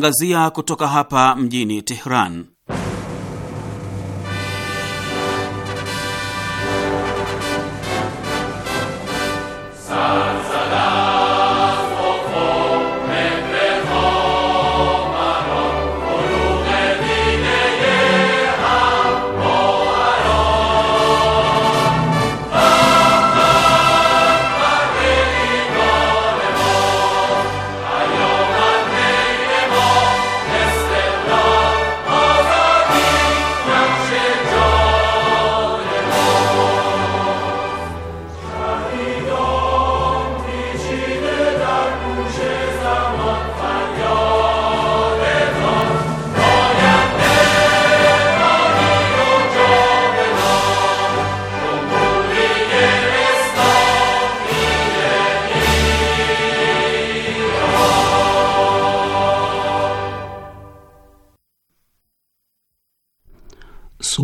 tangazia kutoka hapa mjini Tehran.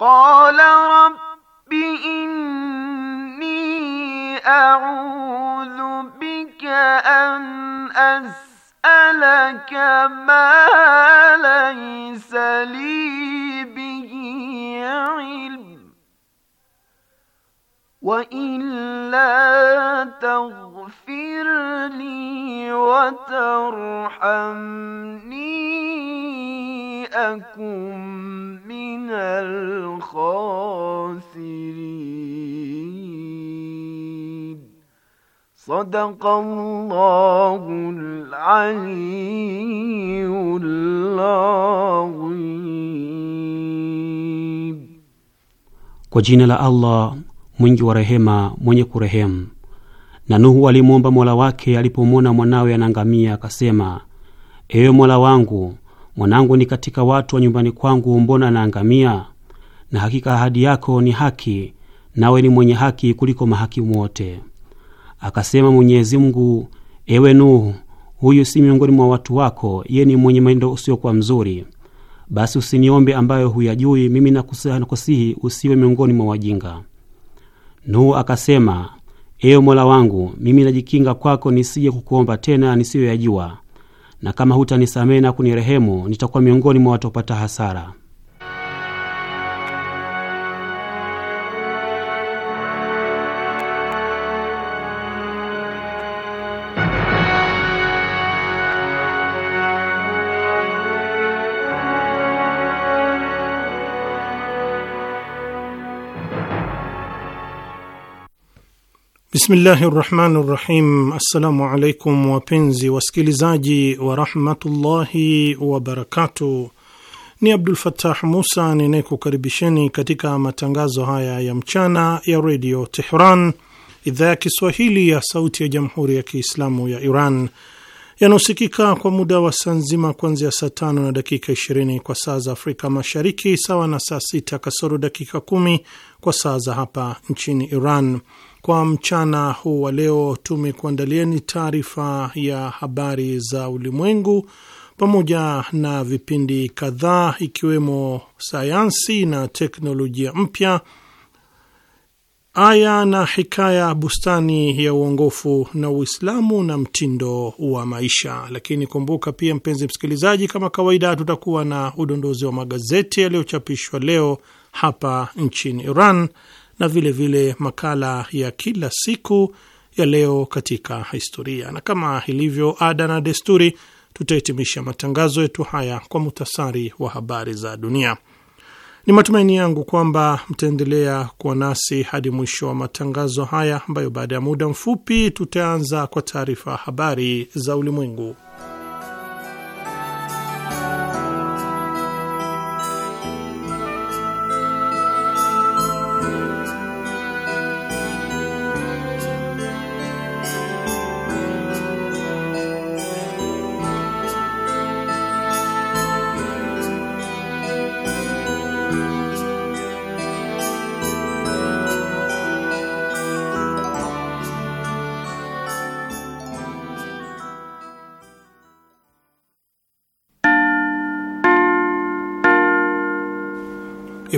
قال رب إني أعوذ بك أن أسألك ما ليس لي به علم وإلا تغفر لي وترحمني أكن من الخاسرين صدق الله العلي العظيم Ko džinela Allah mwingi wa rehema, mwenye kurehemu. Na Nuhu alimwomba mola wake alipomwona mwanawe anaangamia, akasema: ewe mola wangu, mwanangu ni katika watu wa nyumbani kwangu, mbona anaangamia? Na hakika ahadi yako ni haki, nawe ni mwenye haki kuliko mahakimu wote. Akasema Mwenyezi Mungu: ewe Nuhu, huyu si miongoni mwa watu wako, yeye ni mwenye mwendo usiokuwa mzuri, basi usiniombe ambayo huyajui. Mimi nakusihi usiwe miongoni mwa wajinga. Nuhu akasema, ewe Mola wangu, mimi najikinga kwako nisije kukuomba tena nisiyoyajua, na kama hutanisamehe na kunirehemu nitakuwa miongoni mwa watu wapata hasara. Bismillahi rahmani rahim Assalamu alaikum wapenzi wasikilizaji warahmatullahi wabarakatu Ni Abdul Fattah Musa ninayekukaribisheni katika matangazo haya ya mchana ya redio Tehran, idhaa ya Kiswahili ya sauti ya jamhuri ya Kiislamu ya Iran yanaosikika kwa muda wa saa nzima kuanzia saa tano na dakika 20 kwa saa za Afrika Mashariki, sawa na saa sita kasoro dakika kumi kwa saa za hapa nchini Iran kwa mchana huu wa leo tumekuandalieni taarifa ya habari za ulimwengu pamoja na vipindi kadhaa ikiwemo sayansi na teknolojia mpya, aya na hikaya, bustani ya uongofu na Uislamu na mtindo wa maisha. Lakini kumbuka pia, mpenzi msikilizaji, kama kawaida, tutakuwa na udondozi wa magazeti yaliyochapishwa leo hapa nchini Iran na vilevile vile makala ya kila siku ya leo katika historia, na kama ilivyo ada na desturi, tutahitimisha matangazo yetu haya kwa muhtasari wa habari za dunia. Ni matumaini yangu kwamba mtaendelea kuwa nasi hadi mwisho wa matangazo haya, ambayo baada ya muda mfupi tutaanza kwa taarifa habari za ulimwengu.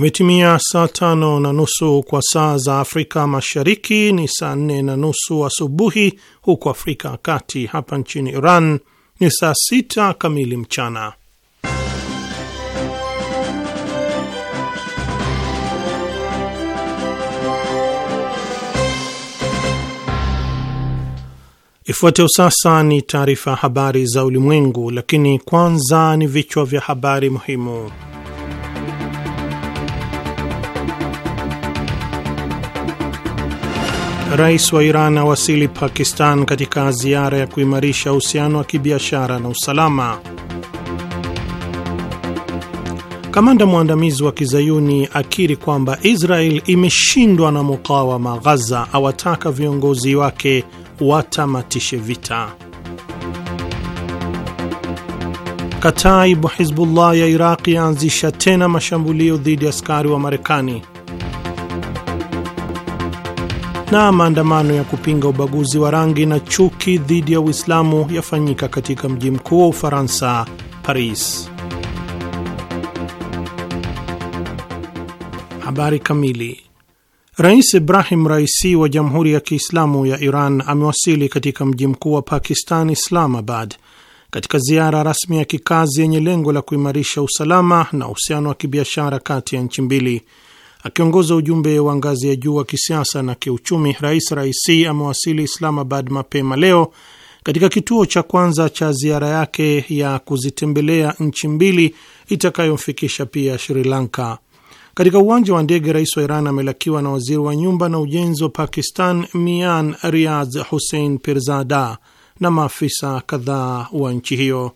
Imetimia saa tano na nusu kwa saa za Afrika Mashariki, ni saa nne na nusu asubuhi huko Afrika ya Kati. Hapa nchini Iran ni saa sita kamili mchana. Ifuatayo sasa ni taarifa ya habari za ulimwengu, lakini kwanza ni vichwa vya habari muhimu. Rais wa Iran awasili Pakistan katika ziara ya kuimarisha uhusiano wa kibiashara na usalama. Kamanda mwandamizi wa kizayuni akiri kwamba Israel imeshindwa na mukawama Ghaza, awataka viongozi wake watamatishe vita. Kataibu Hizbullah ya Iraq yaanzisha tena mashambulio dhidi ya askari wa Marekani na maandamano ya kupinga ubaguzi wa rangi na chuki dhidi ya Uislamu yafanyika katika mji mkuu wa Ufaransa, Paris. Habari kamili. Rais Ibrahim Raisi wa Jamhuri ya Kiislamu ya Iran amewasili katika mji mkuu wa Pakistan, Islamabad, katika ziara rasmi ya kikazi yenye lengo la kuimarisha usalama na uhusiano wa kibiashara kati ya nchi mbili. Akiongoza ujumbe wa ngazi ya juu wa kisiasa na kiuchumi, Rais Raisi amewasili Islamabad mapema leo katika kituo cha kwanza cha ziara yake ya kuzitembelea nchi mbili itakayomfikisha pia Sri Lanka. Katika uwanja wa ndege, rais wa Iran amelakiwa na waziri wa nyumba na ujenzi wa Pakistan Mian Riaz Hussein Pirzada na maafisa kadhaa wa nchi hiyo.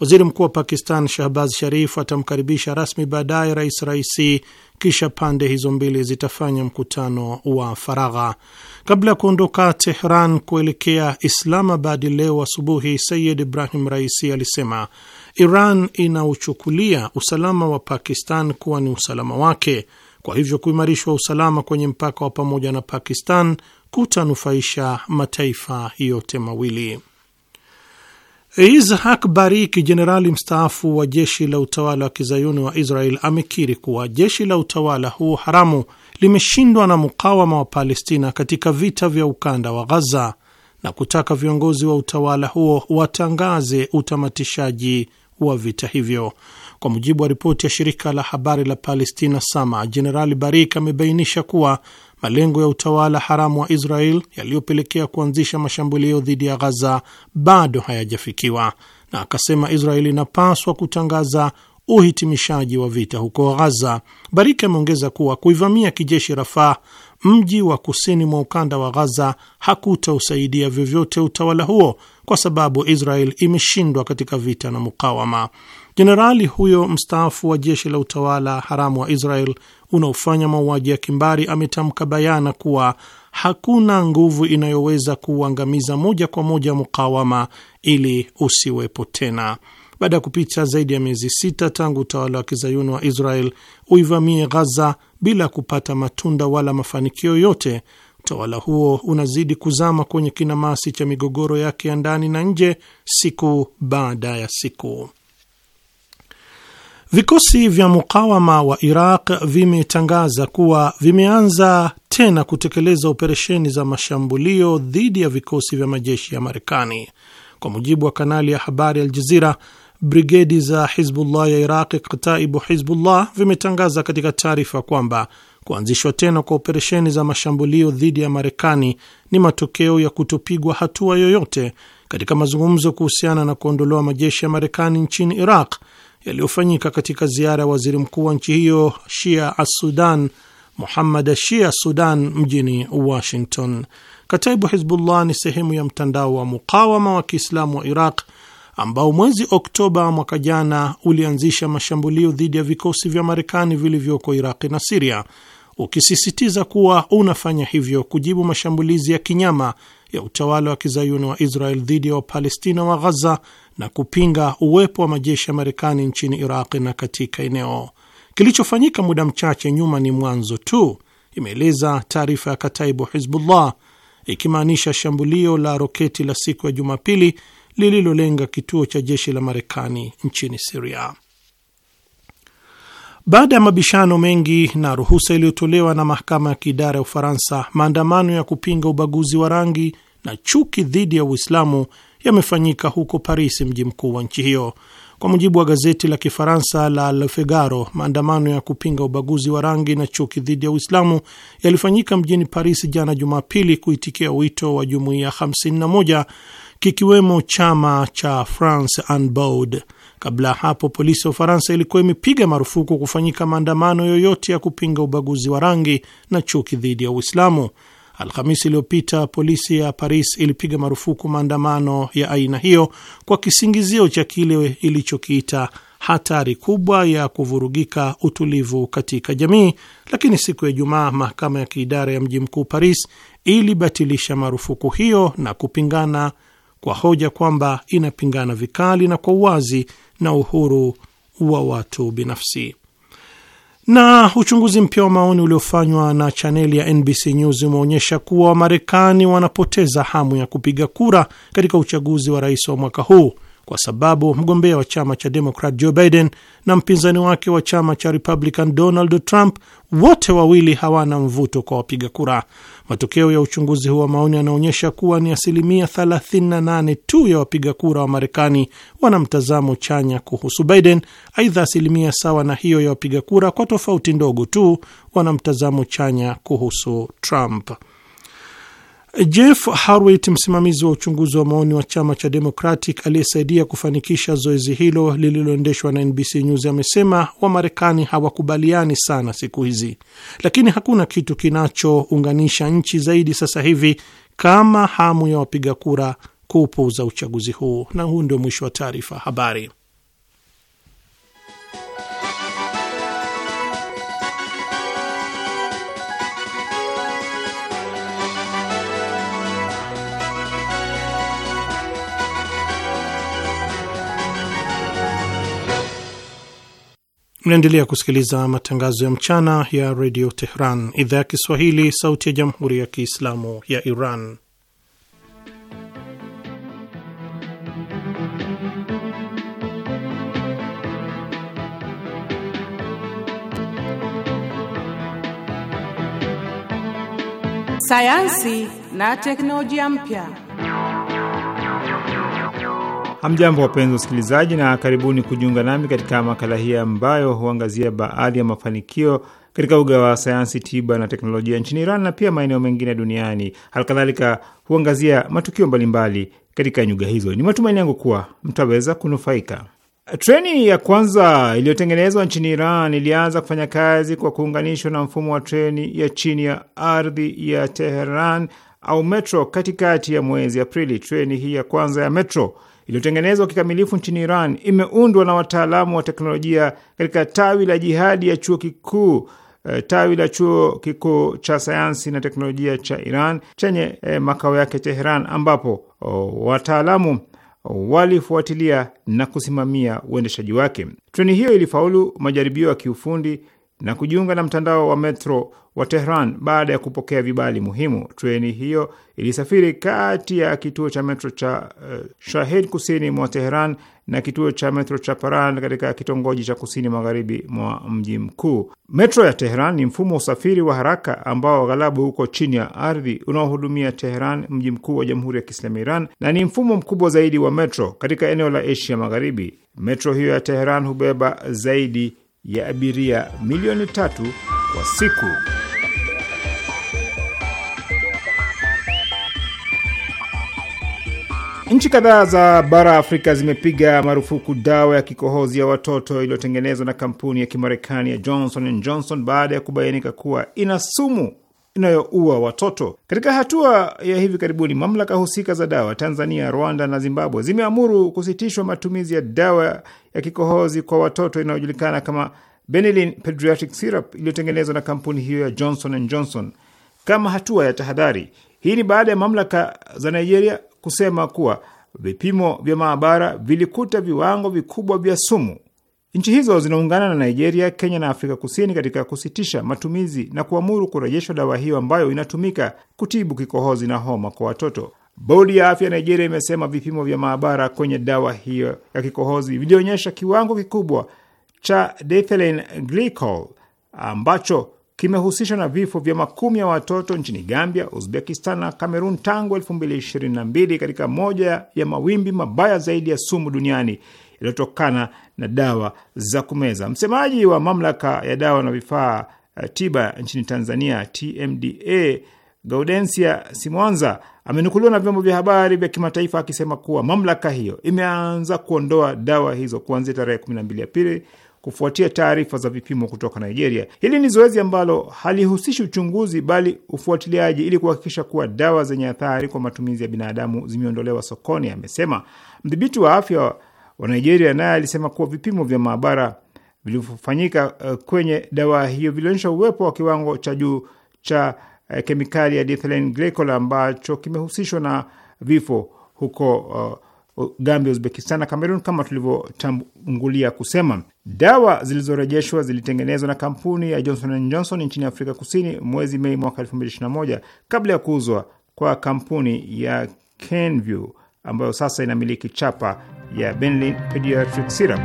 Waziri mkuu wa Pakistan Shahbaz Sharif atamkaribisha rasmi baadaye Rais Raisi kisha pande hizo mbili zitafanya mkutano wa faragha kabla ya kuondoka Tehran kuelekea Islamabad. Leo asubuhi, Sayid Ibrahim Raisi alisema Iran inauchukulia usalama wa Pakistan kuwa ni usalama wake, kwa hivyo kuimarishwa usalama kwenye mpaka wa pamoja na Pakistan kutanufaisha mataifa yote mawili. Ishak Bariki, jenerali mstaafu wa jeshi la utawala wa kizayuni wa Israel, amekiri kuwa jeshi la utawala huu haramu limeshindwa na mukawama wa Palestina katika vita vya ukanda wa Ghaza na kutaka viongozi wa utawala huo watangaze utamatishaji wa vita hivyo. Kwa mujibu wa ripoti ya shirika la habari la Palestina Sama, jenerali Barik amebainisha kuwa malengo ya utawala haramu wa Israel yaliyopelekea kuanzisha mashambulio dhidi ya Ghaza bado hayajafikiwa, na akasema Israel inapaswa kutangaza uhitimishaji wa vita huko Ghaza. Bariki ameongeza kuwa kuivamia kijeshi Rafah, mji wa kusini mwa ukanda wa Ghaza, hakutausaidia vyovyote utawala huo kwa sababu Israel imeshindwa katika vita na mukawama. Jenerali huyo mstaafu wa jeshi la utawala haramu wa Israel unaofanya mauaji ya kimbari ametamka bayana kuwa hakuna nguvu inayoweza kuuangamiza moja kwa moja mukawama ili usiwepo tena. Baada ya kupita zaidi ya miezi sita tangu utawala wa kizayuni wa Israel uivamie Ghaza bila kupata matunda wala mafanikio yote utawala huo unazidi kuzama kwenye kinamasi cha migogoro yake ya ndani na nje siku baada ya siku. Vikosi vya mukawama wa Iraq vimetangaza kuwa vimeanza tena kutekeleza operesheni za mashambulio dhidi ya vikosi vya majeshi ya Marekani. Kwa mujibu wa kanali ya habari Al Jazira, brigedi za Hizbullah ya Iraq Kataibu Hizbullah, vimetangaza katika taarifa kwamba kuanzishwa tena kwa operesheni za mashambulio dhidi ya Marekani ni matokeo ya kutopigwa hatua yoyote katika mazungumzo kuhusiana na kuondolewa majeshi ya Marekani nchini Iraq yaliyofanyika katika ziara ya waziri mkuu wa nchi hiyo Shia Assudan Muhammad Ashia Sudan mjini Washington. Katibu Hizbullah ni sehemu ya mtandao wa mukawama wa Kiislamu wa Iraq ambao mwezi Oktoba mwaka jana ulianzisha mashambulio dhidi ya vikosi vya Marekani vilivyoko Iraqi na Siria, ukisisitiza kuwa unafanya hivyo kujibu mashambulizi ya kinyama ya utawala wa kizayuni wa Israel dhidi ya Wapalestina wa Ghaza na kupinga uwepo wa majeshi ya Marekani nchini iraq na katika eneo. Kilichofanyika muda mchache nyuma ni mwanzo tu, imeeleza taarifa ya Kataibu Hizbullah, ikimaanisha shambulio la roketi la siku ya Jumapili lililolenga kituo cha jeshi la Marekani nchini Siria. Baada ya mabishano mengi na ruhusa iliyotolewa na mahakama ya kiidara ya Ufaransa, maandamano ya kupinga ubaguzi wa rangi na chuki dhidi ya Uislamu yamefanyika huko Paris, mji mkuu wa nchi hiyo. Kwa mujibu wa gazeti la Kifaransa la Le Figaro, maandamano ya kupinga ubaguzi wa rangi na chuki dhidi ya Uislamu yalifanyika mjini Paris jana Jumapili, kuitikia wito wa jumuiya 51 kikiwemo chama cha France Unbowed. Kabla ya hapo, polisi ya Ufaransa ilikuwa imepiga marufuku kufanyika maandamano yoyote ya kupinga ubaguzi wa rangi na chuki dhidi ya Uislamu. Alhamisi iliyopita polisi ya Paris ilipiga marufuku maandamano ya aina hiyo kwa kisingizio cha kile ilichokiita hatari kubwa ya kuvurugika utulivu katika jamii, lakini siku ya Ijumaa mahakama ya kiidara ya mji mkuu Paris ilibatilisha marufuku hiyo na kupingana kwa hoja kwamba inapingana vikali na kwa uwazi na uhuru wa watu binafsi. Na uchunguzi mpya wa maoni uliofanywa na chaneli ya NBC News umeonyesha kuwa Wamarekani wanapoteza hamu ya kupiga kura katika uchaguzi wa rais wa mwaka huu kwa sababu mgombea wa chama cha demokrat Joe Biden na mpinzani wake wa chama cha Republican Donald Trump wote wawili hawana mvuto kwa wapiga kura. Matokeo ya uchunguzi huu wa maoni yanaonyesha kuwa ni asilimia 38 tu ya wapiga kura wa Marekani wana mtazamo chanya kuhusu Biden. Aidha, asilimia sawa na hiyo ya wapiga kura, kwa tofauti ndogo tu, wana mtazamo chanya kuhusu Trump. Jeff Harwit, msimamizi wa uchunguzi wa maoni wa chama cha Democratic aliyesaidia kufanikisha zoezi hilo lililoendeshwa na NBC News, amesema Wamarekani hawakubaliani sana siku hizi, lakini hakuna kitu kinachounganisha nchi zaidi sasa hivi kama hamu ya wapiga kura kuupuuza uchaguzi huu. Na huu ndio mwisho wa taarifa habari. Mnaendelea kusikiliza matangazo ya mchana ya redio Tehran, idhaa ya Kiswahili, sauti ya jamhuri ya kiislamu ya Iran. Sayansi na teknolojia mpya. Hamjambo, wapenzi wasikilizaji, na karibuni kujiunga nami katika makala hii ambayo huangazia baadhi ya mafanikio katika uga wa sayansi tiba na teknolojia nchini Iran na pia maeneo mengine duniani. Halikadhalika huangazia matukio mbalimbali katika nyuga hizo. Ni matumaini yangu kuwa mtaweza kunufaika. Treni ya kwanza iliyotengenezwa nchini Iran ilianza kufanya kazi kwa kuunganishwa na mfumo wa treni ya chini ya ardhi ya Teheran au metro katikati ya mwezi Aprili. Treni hii ya kwanza ya metro iliyotengenezwa kikamilifu nchini Iran imeundwa na wataalamu wa teknolojia katika tawi la jihadi ya chuo kikuu eh, tawi la chuo kikuu cha sayansi na teknolojia cha Iran chenye eh, makao yake Teheran, ambapo wataalamu walifuatilia na kusimamia uendeshaji wake. Treni hiyo ilifaulu majaribio ya kiufundi na kujiunga na mtandao wa metro wa Tehran baada ya kupokea vibali muhimu. Treni hiyo ilisafiri kati ya kituo cha metro cha uh, eh, Shahid kusini mwa Teheran na kituo cha metro cha Paran katika kitongoji cha kusini magharibi mwa mji mkuu. Metro ya Teheran ni mfumo wa usafiri wa haraka ambao aghalabu uko chini ya ardhi unaohudumia Teheran, mji mkuu wa Jamhuri ya Kiislamu Iran, na ni mfumo mkubwa zaidi wa metro katika eneo la Asia Magharibi. Metro hiyo ya Teheran hubeba zaidi ya abiria milioni tatu kwa siku. Nchi kadhaa za bara Afrika zimepiga marufuku dawa ya kikohozi ya watoto iliyotengenezwa na kampuni ya Kimarekani ya Johnson and Johnson baada ya kubainika kuwa ina sumu inayoua watoto. Katika hatua ya hivi karibuni, mamlaka husika za dawa Tanzania, Rwanda na Zimbabwe zimeamuru kusitishwa matumizi ya dawa ya kikohozi kwa watoto inayojulikana kama Benylin Pediatric Syrup iliyotengenezwa na kampuni hiyo ya Johnson and Johnson kama hatua ya tahadhari. Hii ni baada ya mamlaka za Nigeria kusema kuwa vipimo vya maabara vilikuta viwango vikubwa vya sumu Nchi hizo zinaungana na Nigeria, Kenya na Afrika Kusini katika kusitisha matumizi na kuamuru kurejeshwa dawa hiyo ambayo inatumika kutibu kikohozi na homa kwa watoto. Bodi ya afya ya Nigeria imesema vipimo vya maabara kwenye dawa hiyo ya kikohozi vilionyesha kiwango kikubwa cha diethylene glycol ambacho kimehusishwa na vifo vya makumi ya watoto nchini Gambia, Uzbekistan na Kamerun tangu 2022 katika moja ya mawimbi mabaya zaidi ya sumu duniani iliyotokana na dawa za kumeza. Msemaji wa mamlaka ya dawa na vifaa eh, tiba nchini Tanzania, TMDA, Gaudensia Simwanza amenukuliwa na vyombo vya habari vya kimataifa akisema kuwa mamlaka hiyo imeanza kuondoa dawa hizo kuanzia tarehe 12 Aprili kufuatia taarifa za vipimo kutoka Nigeria. Hili ni zoezi ambalo halihusishi uchunguzi bali ufuatiliaji ili kuhakikisha kuwa dawa zenye athari kwa matumizi ya binadamu zimeondolewa sokoni, amesema. Mdhibiti wa afya wa Nigeria naye alisema kuwa vipimo vya maabara vilivyofanyika eh, kwenye dawa hiyo vilionyesha uwepo wa kiwango cha juu cha eh, kemikali ya diethylene glycol ambacho kimehusishwa na vifo huko uh, Gambia, Uzbekistan na Kamerun. Kama tulivyotangulia kusema, dawa zilizorejeshwa zilitengenezwa na kampuni ya Johnson and Johnson nchini Afrika Kusini mwezi Mei mwaka 2021 kabla ya kuuzwa kwa kampuni ya Kenview ambayo sasa inamiliki chapa ya Benlin Pediatric Serum.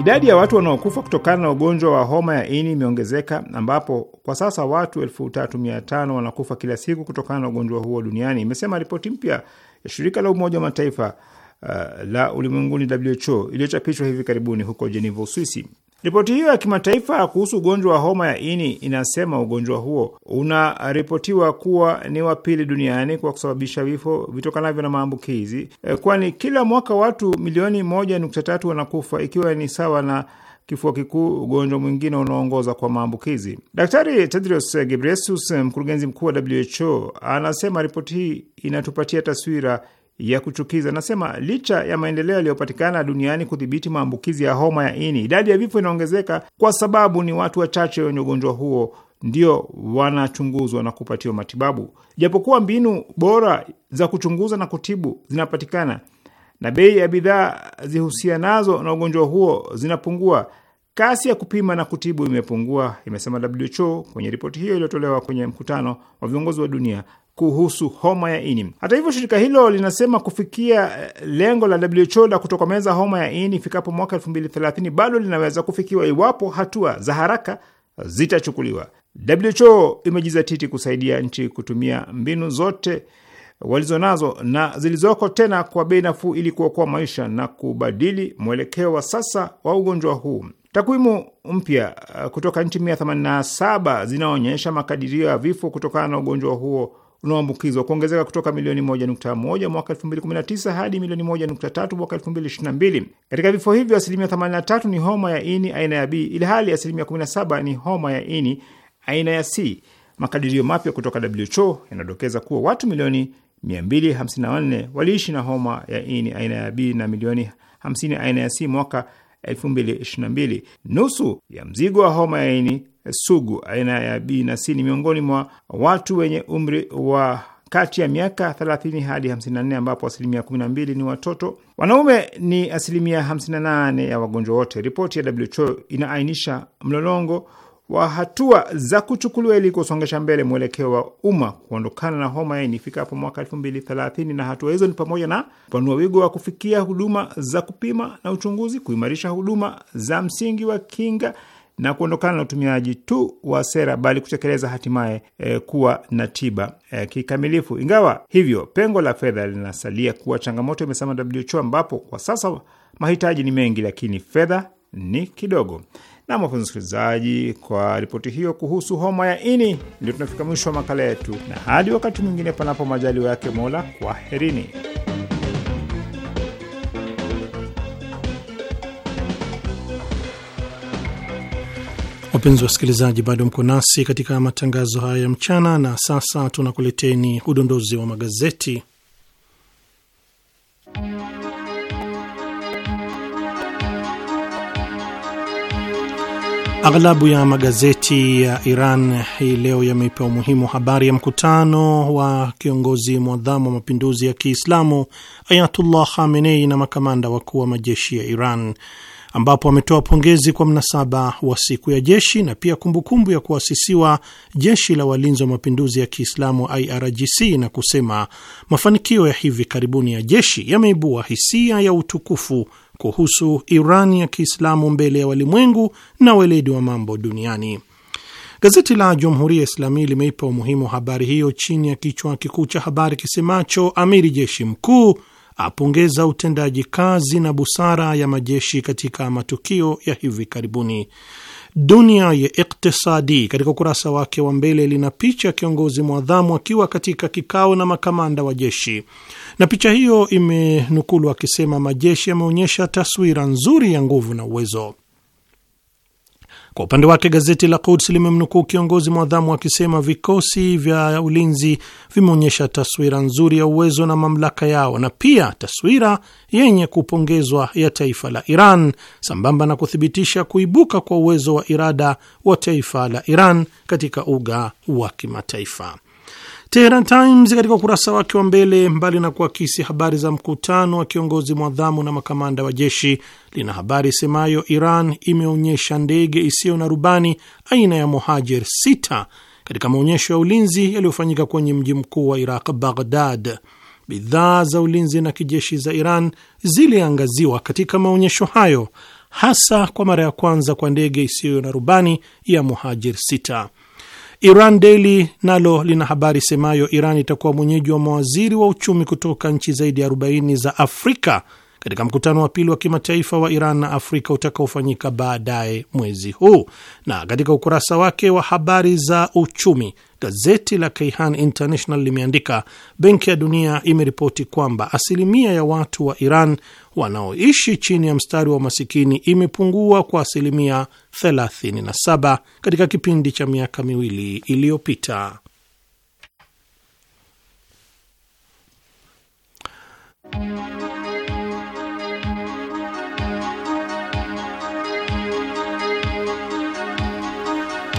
Idadi ya watu wanaokufa kutokana na ugonjwa wa homa ya ini imeongezeka ambapo kwa sasa watu 3500 wanakufa kila siku kutokana na ugonjwa huo duniani, imesema ripoti mpya ya shirika la Umoja wa Mataifa uh, la ulimwenguni WHO iliyochapishwa hivi karibuni huko Geneva, Uswisi. Ripoti hiyo ya kimataifa kuhusu ugonjwa wa homa ya ini inasema ugonjwa huo unaripotiwa kuwa ni wa pili duniani kwa kusababisha vifo vitokanavyo na maambukizi, eh, kwani kila mwaka watu milioni moja nukta tatu wanakufa ikiwa ni sawa na kifua kikuu, ugonjwa mwingine unaoongoza kwa maambukizi. Daktari Tedros Ghebreyesus, mkurugenzi mkuu wa WHO, anasema ripoti hii inatupatia taswira ya kuchukiza anasema licha ya maendeleo yaliyopatikana duniani kudhibiti maambukizi ya homa ya ini, idadi ya vifo inaongezeka kwa sababu ni watu wachache wenye ugonjwa huo ndio wanachunguzwa na kupatiwa matibabu. Japokuwa mbinu bora za kuchunguza na kutibu zinapatikana na bei ya bidhaa zihusianazo na ugonjwa huo zinapungua, kasi ya kupima na kutibu imepungua, imesema WHO kwenye ripoti hiyo iliyotolewa kwenye mkutano wa viongozi wa dunia kuhusu homa ya ini. Hata hivyo, shirika hilo linasema kufikia eh, lengo la WHO la kutokomeza homa ya ini ifikapo mwaka 2030 bado linaweza kufikiwa iwapo hatua za haraka zitachukuliwa. WHO imejizatiti kusaidia nchi kutumia mbinu zote walizonazo na zilizoko, tena kwa bei nafuu, ili kuokoa maisha na kubadili mwelekeo wa sasa wa ugonjwa huu. Takwimu mpya eh, kutoka nchi 187 zinaonyesha makadirio ya vifo kutokana na ugonjwa huo unaoambukizwa kuongezeka kutoka milioni 1.1 mwaka 2019 hadi milioni 1.3 mwaka 2022. Katika vifo hivyo asilimia 83 ni homa ya ini aina ya B ilhali asilimia 17 ni homa ya ini aina ya C. Makadirio mapya kutoka WHO yanadokeza kuwa watu milioni 254 waliishi na homa ya ini aina ya B na milioni 50 aina ya C mwaka 2022. Nusu ya mzigo wa homa ya ini Eh, sugu aina ya B na C ni miongoni mwa watu wenye umri wa kati ya miaka 30 hadi 54 ambapo asilimia 12 ni watoto. Wanaume ni asilimia 58 ya wagonjwa wote. Ripoti ya WHO inaainisha mlolongo wa hatua za kuchukuliwa ili kusongesha mbele mwelekeo wa umma kuondokana na homa ya ini ifikapo mwaka 2030, na hatua hizo ni pamoja na kupanua wigo wa kufikia huduma za kupima na uchunguzi, kuimarisha huduma za msingi wa kinga na kuondokana na utumiaji tu wa sera, bali kutekeleza hatimaye e, kuwa na tiba e, kikamilifu. Ingawa hivyo, pengo la fedha linasalia kuwa changamoto, imesema WHO, ambapo kwa sasa mahitaji ni mengi, lakini fedha ni kidogo. Na wapenzi wasikilizaji, kwa ripoti hiyo kuhusu homa ya ini, ndio tunafika mwisho wa makala yetu, na hadi wakati mwingine, panapo majaliwa yake Mola, kwaherini. Wapenzi wasikilizaji, bado mko nasi katika matangazo haya ya mchana, na sasa tunakuleteni udondozi wa magazeti. aghlabu ya magazeti ya Iran hii leo yameipa umuhimu habari ya mkutano wa kiongozi mwadhamu wa mapinduzi ya Kiislamu Ayatullah Khamenei na makamanda wakuu wa majeshi ya Iran ambapo ametoa pongezi kwa mnasaba wa siku ya jeshi na pia kumbukumbu ya kuasisiwa jeshi la walinzi wa mapinduzi ya Kiislamu IRGC na kusema mafanikio ya hivi karibuni ya jeshi yameibua hisia ya utukufu kuhusu Irani ya Kiislamu mbele ya walimwengu na weledi wa mambo duniani. Gazeti la jumhuria ya Islami limeipa umuhimu habari hiyo chini ya kichwa kikuu cha habari kisemacho amiri jeshi mkuu apongeza utendaji kazi na busara ya majeshi katika matukio ya hivi karibuni. Dunia ya Iktisadi katika ukurasa wake wa mbele lina picha ya kiongozi mwadhamu akiwa katika kikao na makamanda wa jeshi, na picha hiyo imenukulu akisema, majeshi yameonyesha taswira nzuri ya nguvu na uwezo. Kwa upande wake gazeti la Quds limemnukuu kiongozi mwadhamu akisema vikosi vya ulinzi vimeonyesha taswira nzuri ya uwezo na mamlaka yao na pia taswira yenye kupongezwa ya taifa la Iran sambamba na kuthibitisha kuibuka kwa uwezo wa irada wa taifa la Iran katika uga wa kimataifa. Teheran Times katika ukurasa wake wa mbele, mbali na kuakisi habari za mkutano wa kiongozi mwadhamu na makamanda wa jeshi, lina habari semayo Iran imeonyesha ndege isiyo na rubani aina ya mohajer sita katika maonyesho ya ulinzi yaliyofanyika kwenye mji mkuu wa Iraq, Baghdad. Bidhaa za ulinzi na kijeshi za Iran ziliangaziwa katika maonyesho hayo, hasa kwa mara ya kwanza kwa ndege isiyo na rubani ya mohajer sita. Iran Daily nalo lina habari semayo Iran itakuwa mwenyeji wa mawaziri wa uchumi kutoka nchi zaidi ya 40 za Afrika katika mkutano wa pili wa kimataifa wa Iran na Afrika utakaofanyika baadaye mwezi huu. Na katika ukurasa wake wa habari za uchumi Gazeti la Kayhan International limeandika Benki ya Dunia imeripoti kwamba asilimia ya watu wa Iran wanaoishi chini ya mstari wa masikini imepungua kwa asilimia 37 katika kipindi cha miaka miwili iliyopita.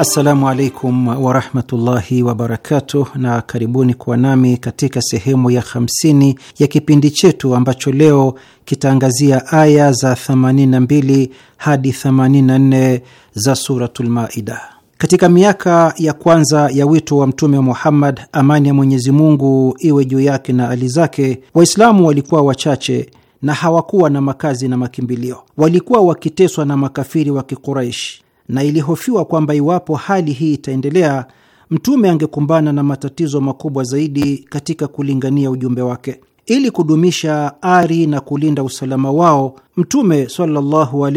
Assalamu alaikum warahmatullahi wabarakatuh, na karibuni kuwa nami katika sehemu ya 50 ya kipindi chetu ambacho leo kitaangazia aya za 82 hadi 84 za Suratul Maida. Katika miaka ya kwanza ya wito wa Mtume Muhammad, amani ya Mwenyezi Mungu iwe juu yake na ali zake, Waislamu walikuwa wachache na hawakuwa na makazi na makimbilio. Walikuwa wakiteswa na makafiri wa Kiquraishi na ilihofiwa kwamba iwapo hali hii itaendelea, Mtume angekumbana na matatizo makubwa zaidi katika kulingania ujumbe wake. Ili kudumisha ari na kulinda usalama wao, Mtume sallallahu wa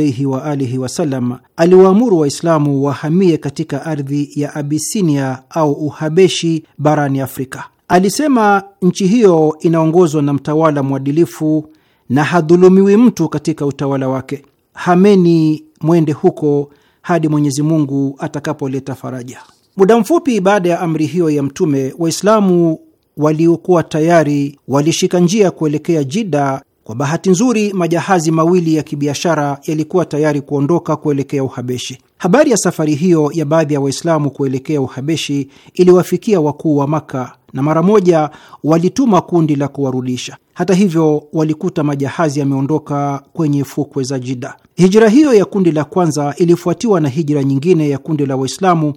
alihi wasallam aliwaamuru Waislamu wahamie katika ardhi ya Abisinia au Uhabeshi barani Afrika. Alisema nchi hiyo inaongozwa na mtawala mwadilifu na hadhulumiwi mtu katika utawala wake. Hameni mwende huko hadi Mwenyezi Mungu atakapoleta faraja. Muda mfupi baada ya amri hiyo ya Mtume, Waislamu waliokuwa tayari walishika njia kuelekea Jida. Kwa bahati nzuri, majahazi mawili ya kibiashara yalikuwa tayari kuondoka kuelekea Uhabeshi. Habari ya safari hiyo ya baadhi ya Waislamu kuelekea Uhabeshi iliwafikia wakuu wa Maka na mara moja walituma kundi la kuwarudisha. Hata hivyo, walikuta majahazi yameondoka kwenye fukwe za Jida. Hijira hiyo ya kundi la kwanza ilifuatiwa na hijira nyingine ya kundi la Waislamu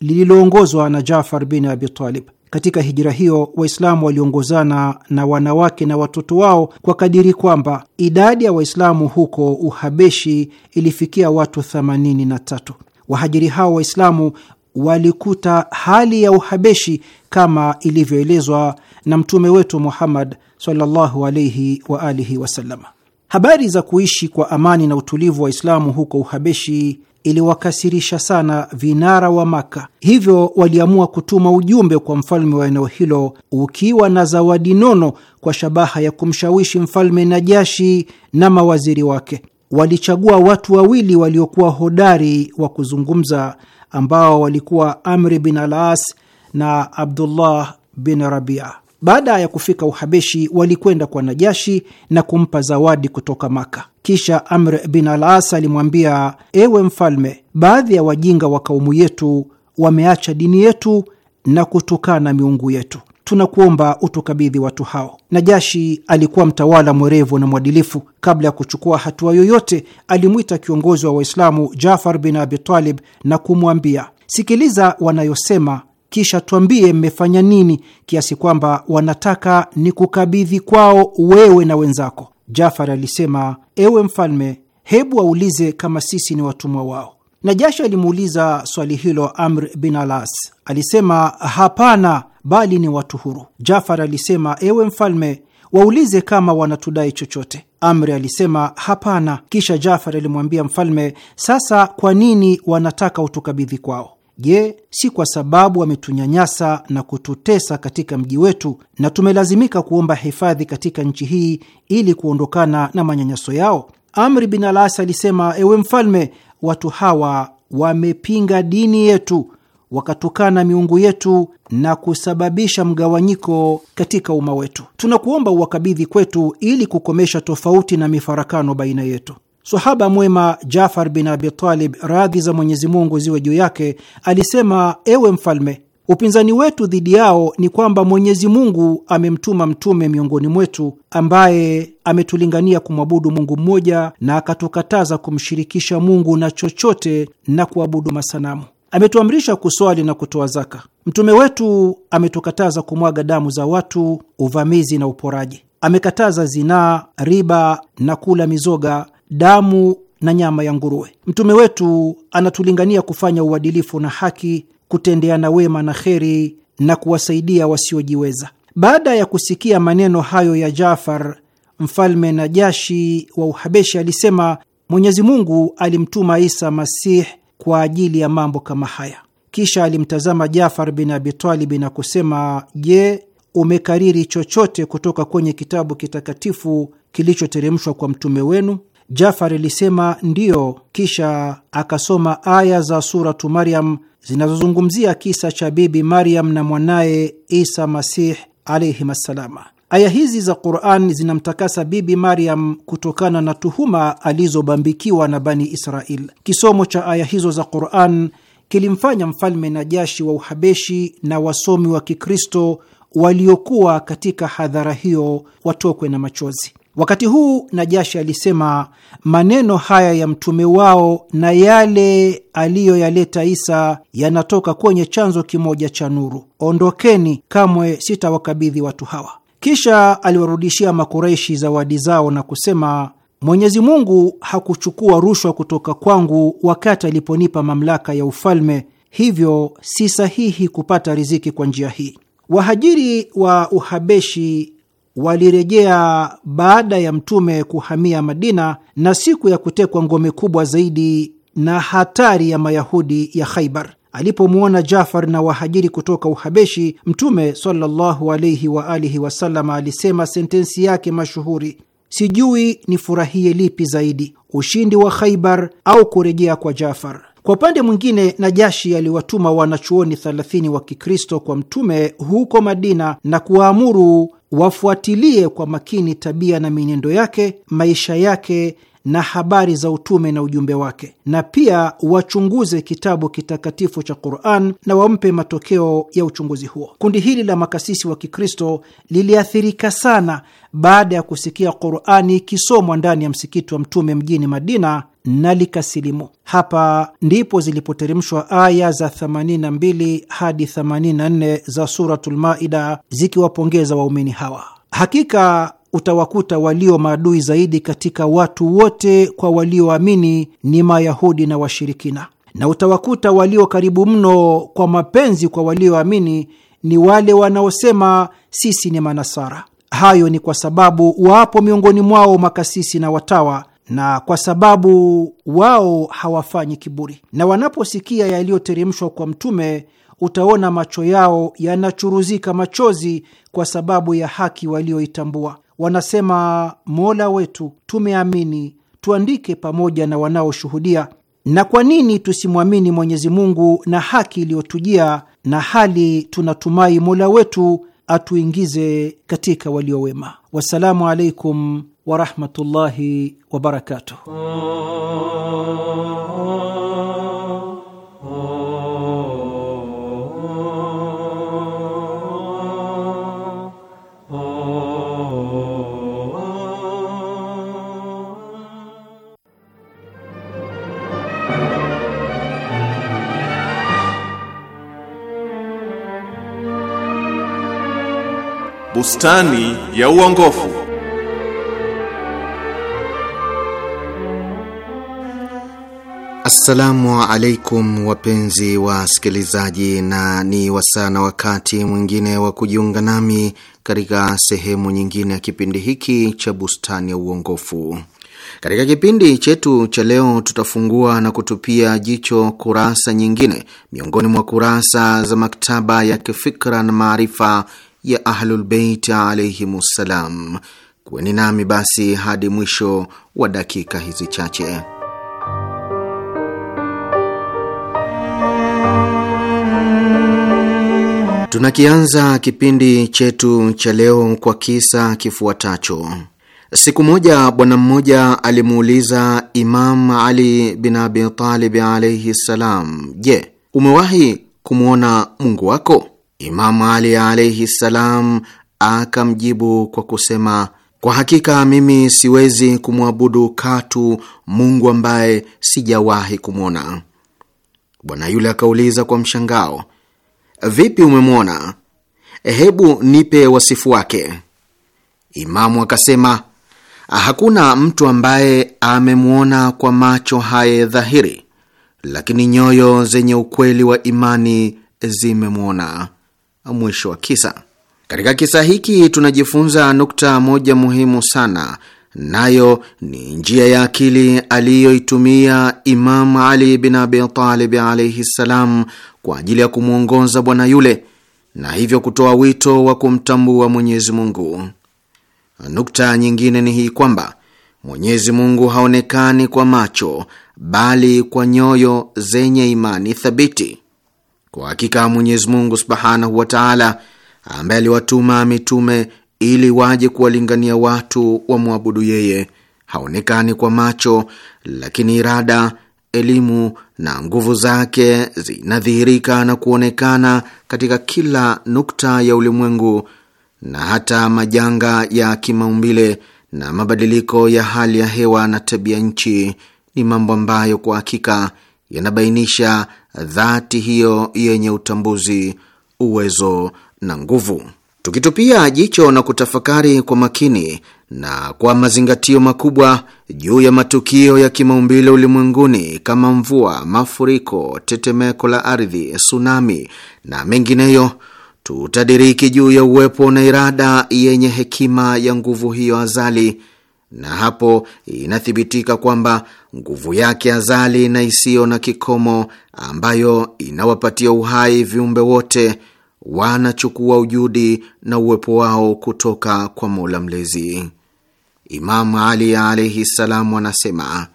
lililoongozwa na Jafar bin Abi Talib. Katika hijira hiyo Waislamu waliongozana na wanawake na watoto wao kwa kadiri kwamba idadi ya Waislamu huko Uhabeshi ilifikia watu 83. Wahajiri hao Waislamu walikuta hali ya Uhabeshi kama ilivyoelezwa na mtume wetu Muhammad sallallahu alaihi wa alihi wasallam. Habari za kuishi kwa amani na utulivu wa Islamu huko Uhabeshi iliwakasirisha sana vinara wa Maka, hivyo waliamua kutuma ujumbe kwa mfalme wa eneo hilo ukiwa na zawadi nono kwa shabaha ya kumshawishi mfalme Najashi na mawaziri wake. Walichagua watu wawili waliokuwa hodari wa kuzungumza ambao walikuwa Amri bin Alas na Abdullah bin Rabia. Baada ya kufika Uhabeshi, walikwenda kwa Najashi na kumpa zawadi kutoka Maka. Kisha Amr bin Alas alimwambia, ewe mfalme, baadhi ya wajinga wa kaumu yetu wameacha dini yetu na kutukana miungu yetu. Tunakuomba utukabidhi watu hao. Najashi alikuwa mtawala mwerevu na mwadilifu. Kabla ya kuchukua hatua yoyote, alimwita kiongozi wa Waislamu Jafar bin Abi Talib na kumwambia, sikiliza wanayosema kisha twambie mmefanya nini, kiasi kwamba wanataka ni kukabidhi kwao wewe na wenzako. Jafar alisema, ewe mfalme, hebu waulize kama sisi ni watumwa wao. Najashi alimuuliza swali hilo Amr bin Alas. Alisema, hapana, bali ni watu huru. Jafar alisema, ewe mfalme, waulize kama wanatudai chochote. Amri alisema hapana. Kisha Jafar alimwambia mfalme, sasa kwa nini wanataka utukabidhi kwao? Je, si kwa sababu wametunyanyasa na kututesa katika mji wetu na tumelazimika kuomba hifadhi katika nchi hii ili kuondokana na manyanyaso yao? Amri bin Alas alisema, ewe mfalme, watu hawa wamepinga dini yetu, wakatukana miungu yetu na kusababisha mgawanyiko katika umma wetu. Tunakuomba uwakabidhi kwetu ili kukomesha tofauti na mifarakano baina yetu. Sahaba mwema Jafar bin Abi Talib, radhi za Mwenyezi Mungu ziwe juu yake, alisema: ewe mfalme, upinzani wetu dhidi yao ni kwamba Mwenyezi Mungu amemtuma mtume miongoni mwetu ambaye ametulingania kumwabudu Mungu mmoja na akatukataza kumshirikisha Mungu na chochote na kuabudu masanamu. Ametuamrisha kuswali na kutoa zaka. Mtume wetu ametukataza kumwaga damu za watu, uvamizi na uporaji. Amekataza zinaa, riba na kula mizoga damu na nyama ya nguruwe. Mtume wetu anatulingania kufanya uadilifu na haki, kutendeana wema na kheri na kuwasaidia wasiojiweza. Baada ya kusikia maneno hayo ya Jafar, mfalme Najashi wa Uhabeshi alisema Mwenyezi Mungu alimtuma Isa Masih kwa ajili ya mambo kama haya. Kisha alimtazama Jafar bin Abitalibi na kusema, je, umekariri chochote kutoka kwenye kitabu kitakatifu kilichoteremshwa kwa mtume wenu? Jafar alisema ndiyo, kisha akasoma aya za Suratu Maryam zinazozungumzia kisa cha Bibi Maryam na mwanaye Isa Masih alayhim assalama. Aya hizi za Quran zinamtakasa Bibi Maryam kutokana na tuhuma alizobambikiwa na Bani Israel. Kisomo cha aya hizo za Quran kilimfanya mfalme Najashi wa Uhabeshi na wasomi wa Kikristo waliokuwa katika hadhara hiyo watokwe na machozi. Wakati huu Najashi alisema maneno haya ya mtume wao na yale aliyoyaleta Isa yanatoka kwenye chanzo kimoja cha nuru. Ondokeni, kamwe sitawakabidhi watu hawa. Kisha aliwarudishia Makureishi zawadi zao na kusema, Mwenyezi Mungu hakuchukua rushwa kutoka kwangu wakati aliponipa mamlaka ya ufalme, hivyo si sahihi kupata riziki kwa njia hii. Wahajiri wa Uhabeshi walirejea baada ya mtume kuhamia Madina na siku ya kutekwa ngome kubwa zaidi na hatari ya Mayahudi ya Khaibar. Alipomwona Jafar na wahajiri kutoka Uhabeshi, Mtume sallallahu alaihi wa alihi wasallam alisema sentensi yake mashuhuri, sijui nifurahie lipi zaidi, ushindi wa Khaibar au kurejea kwa Jafar. Kwa upande mwingine, Najashi aliwatuma wanachuoni 30 wa Kikristo kwa Mtume huko Madina na kuwaamuru wafuatilie kwa makini tabia na mienendo yake, maisha yake na habari za utume na ujumbe wake, na pia wachunguze kitabu kitakatifu cha Quran na wampe matokeo ya uchunguzi huo. Kundi hili la makasisi wa Kikristo liliathirika sana baada ya kusikia Qurani ikisomwa ndani ya msikiti wa Mtume mjini Madina na likasilimu. Hapa ndipo zilipoteremshwa aya za 82 hadi 84 za Suratul Maida zikiwapongeza waumini hawa. Hakika utawakuta walio maadui zaidi katika watu wote kwa walioamini ni Mayahudi na washirikina, na utawakuta walio karibu mno kwa mapenzi kwa walioamini ni wale wanaosema sisi ni Manasara. Hayo ni kwa sababu wapo miongoni mwao makasisi na watawa na kwa sababu wao hawafanyi kiburi, na wanaposikia yaliyoteremshwa kwa Mtume utaona macho yao yanachuruzika machozi kwa sababu ya haki walioitambua. Wanasema, Mola wetu, tumeamini, tuandike pamoja na wanaoshuhudia. Na kwa nini tusimwamini Mwenyezi Mungu na haki iliyotujia, na hali tunatumai Mola wetu atuingize katika waliowema. Wassalamu alaikum warahmatullahi wabarakatuh Bustani ya Uongofu. Assalamu alaikum wapenzi wa wasikilizaji, na ni wasana wakati mwingine wa kujiunga nami katika sehemu nyingine ya kipindi hiki cha Bustani ya Uongofu. Katika kipindi chetu cha leo tutafungua na kutupia jicho kurasa nyingine miongoni mwa kurasa za maktaba ya kifikra na maarifa ya Ahlulbeit alaihimussalam. Kuweni nami basi hadi mwisho wa dakika hizi chache. Tunakianza kipindi chetu cha leo kwa kisa kifuatacho. Siku moja bwana mmoja alimuuliza Imam Ali bin Abi Talib alaihi ssalam, je, umewahi kumwona Mungu wako? imamu Ali alaihi ssalam akamjibu kwa kusema, kwa hakika mimi siwezi kumwabudu katu Mungu ambaye sijawahi kumwona. Bwana yule akauliza kwa mshangao vipi umemwona? Hebu nipe wasifu wake. Imamu akasema, hakuna mtu ambaye amemwona kwa macho haya dhahiri, lakini nyoyo zenye ukweli wa imani zimemwona. Mwisho wa kisa. Katika kisa hiki tunajifunza nukta moja muhimu sana, nayo ni njia ya akili aliyoitumia Imamu Ali bin Abi Talib alaihi ssalam kwa ajili ya kumwongoza bwana yule na hivyo kutoa wito wa kumtambua Mwenyezi Mungu. Nukta nyingine ni hii kwamba Mwenyezi Mungu haonekani kwa macho bali kwa nyoyo zenye imani thabiti. Kwa hakika Mwenyezi Mungu subhanahu wa taala, ambaye aliwatuma mitume ili waje kuwalingania watu wamwabudu yeye, haonekani kwa macho, lakini irada, elimu na nguvu zake zinadhihirika na kuonekana katika kila nukta ya ulimwengu na hata majanga ya kimaumbile na mabadiliko ya hali ya hewa na tabia nchi ni mambo ambayo kwa hakika yanabainisha dhati hiyo yenye utambuzi, uwezo na nguvu. Tukitupia jicho na kutafakari kwa makini na kwa mazingatio makubwa juu ya matukio ya kimaumbile ulimwenguni kama mvua, mafuriko, tetemeko la ardhi, tsunami na mengineyo, tutadiriki juu ya uwepo na irada yenye hekima ya nguvu hiyo azali, na hapo inathibitika kwamba nguvu yake azali na isiyo na kikomo ambayo inawapatia uhai viumbe wote wanachukua ujudi na uwepo wao kutoka kwa Mola Mlezi. Imamu Ali alaihi salamu anasema,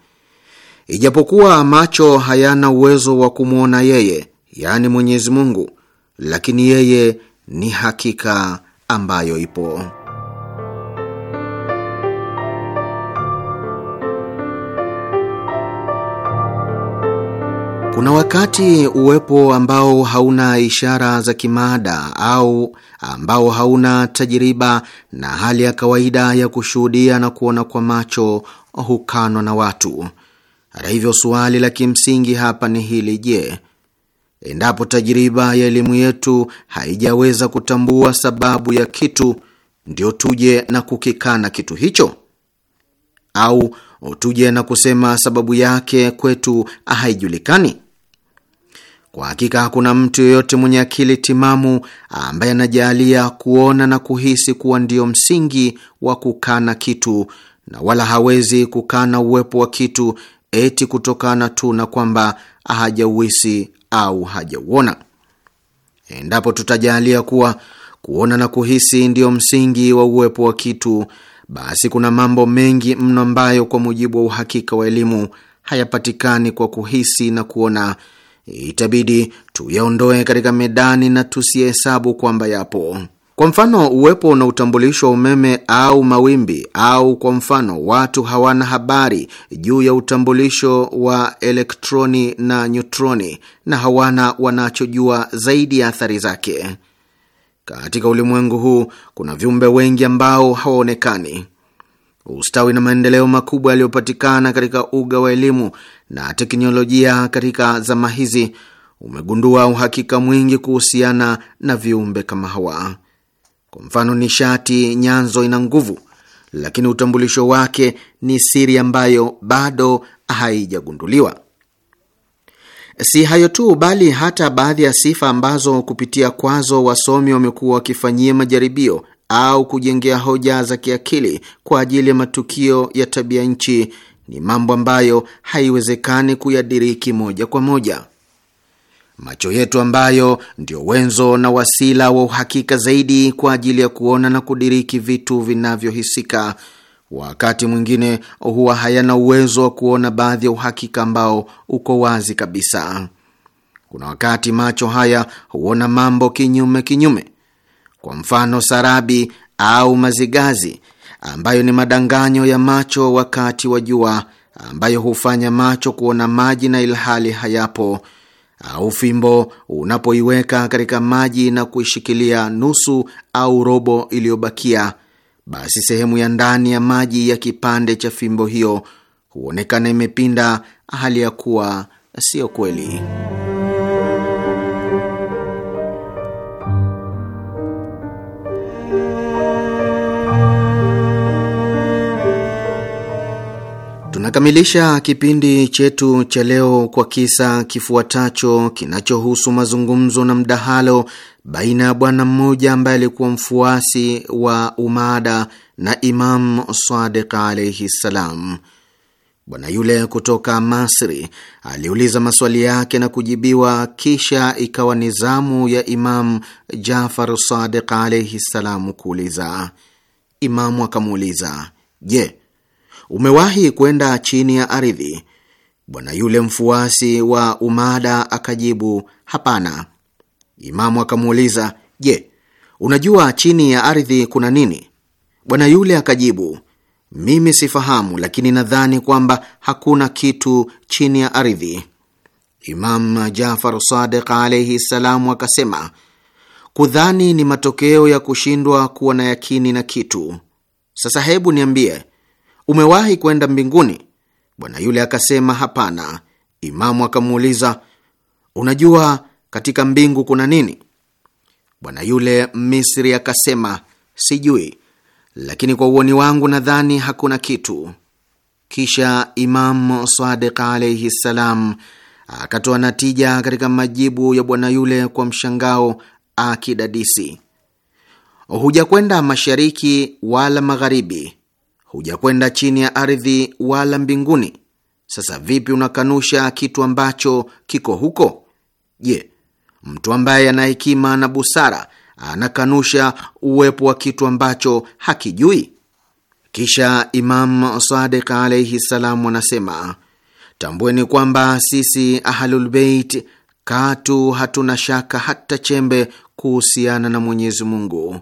ijapokuwa macho hayana uwezo wa kumwona yeye, yaani Mwenyezi Mungu, lakini yeye ni hakika ambayo ipo. Kuna wakati uwepo ambao hauna ishara za kimaada au ambao hauna tajiriba na hali ya kawaida ya kushuhudia na kuona kwa macho hukanwa na watu. Hata hivyo, suali la kimsingi hapa ni hili: je, endapo tajiriba ya elimu yetu haijaweza kutambua sababu ya kitu, ndio tuje na kukikana kitu hicho au tuje na kusema sababu yake kwetu haijulikani? Kwa hakika hakuna mtu yeyote mwenye akili timamu ambaye anajaalia kuona na kuhisi kuwa ndiyo msingi wa kukana kitu, na wala hawezi kukana uwepo wa kitu eti kutokana tu na kwamba hajauhisi au hajauona. Endapo tutajaalia kuwa kuona na kuhisi ndiyo msingi wa uwepo wa kitu, basi kuna mambo mengi mno ambayo kwa mujibu wa uhakika wa elimu hayapatikani kwa kuhisi na kuona itabidi tuyaondoe katika medani na tusihesabu kwamba yapo. Kwa mfano, uwepo na utambulisho wa umeme au mawimbi, au kwa mfano, watu hawana habari juu ya utambulisho wa elektroni na nyutroni na hawana wanachojua zaidi ya athari zake. Katika ulimwengu huu kuna viumbe wengi ambao hawaonekani. Ustawi na maendeleo makubwa yaliyopatikana katika uga wa elimu na teknolojia katika zama hizi umegundua uhakika mwingi kuhusiana na viumbe kama hawa. Kwa mfano, nishati nyanzo ina nguvu, lakini utambulisho wake ni siri ambayo bado haijagunduliwa. Si hayo tu, bali hata baadhi ya sifa ambazo kupitia kwazo wasomi wamekuwa wakifanyia majaribio au kujengea hoja za kiakili kwa ajili ya matukio ya tabia nchi ni mambo ambayo haiwezekani kuyadiriki moja kwa moja. Macho yetu ambayo ndio wenzo na wasila wa uhakika zaidi kwa ajili ya kuona na kudiriki vitu vinavyohisika, wakati mwingine huwa hayana uwezo wa kuona baadhi ya uhakika ambao uko wazi kabisa. Kuna wakati macho haya huona mambo kinyume kinyume kwa mfano sarabi au mazigazi, ambayo ni madanganyo ya macho wakati wa jua, ambayo hufanya macho kuona maji na ilhali hayapo, au fimbo unapoiweka katika maji na kuishikilia nusu au robo iliyobakia, basi sehemu ya ndani ya maji ya kipande cha fimbo hiyo huonekana imepinda, hali ya kuwa siyo kweli. Tunakamilisha kipindi chetu cha leo kwa kisa kifuatacho kinachohusu mazungumzo na mdahalo baina ya bwana mmoja ambaye alikuwa mfuasi wa Umada na Imam Sadiq alaihi ssalam. Bwana yule kutoka Masri aliuliza maswali yake na kujibiwa, kisha ikawa ni zamu ya Imam Jafar Sadiq alaihi ssalam kuuliza. Imamu akamuuliza, je, umewahi kwenda chini ya ardhi? Bwana yule mfuasi wa umada akajibu, hapana. Imamu akamuuliza, je, unajua chini ya ardhi kuna nini? Bwana yule akajibu, mimi sifahamu, lakini nadhani kwamba hakuna kitu chini ya ardhi. Imam Jafar Sadiq alaihi ssalamu akasema, kudhani ni matokeo ya kushindwa kuwa na yakini na kitu. Sasa hebu niambie, umewahi kwenda mbinguni? Bwana yule akasema, hapana. Imamu akamuuliza, unajua katika mbingu kuna nini? Bwana yule Misri akasema, sijui, lakini kwa uoni wangu nadhani hakuna kitu. Kisha Imamu Sadiq alaihi ssalam akatoa natija katika majibu ya bwana yule kwa mshangao akidadisi, hujakwenda mashariki wala magharibi hujakwenda chini ya ardhi wala mbinguni. Sasa vipi unakanusha kitu ambacho kiko huko? Je, mtu ambaye ana hekima na busara anakanusha uwepo wa kitu ambacho hakijui? Kisha Imam Sadiq alaihi salam anasema, tambueni kwamba sisi Ahlulbeit katu hatuna shaka hata chembe kuhusiana na Mwenyezi Mungu,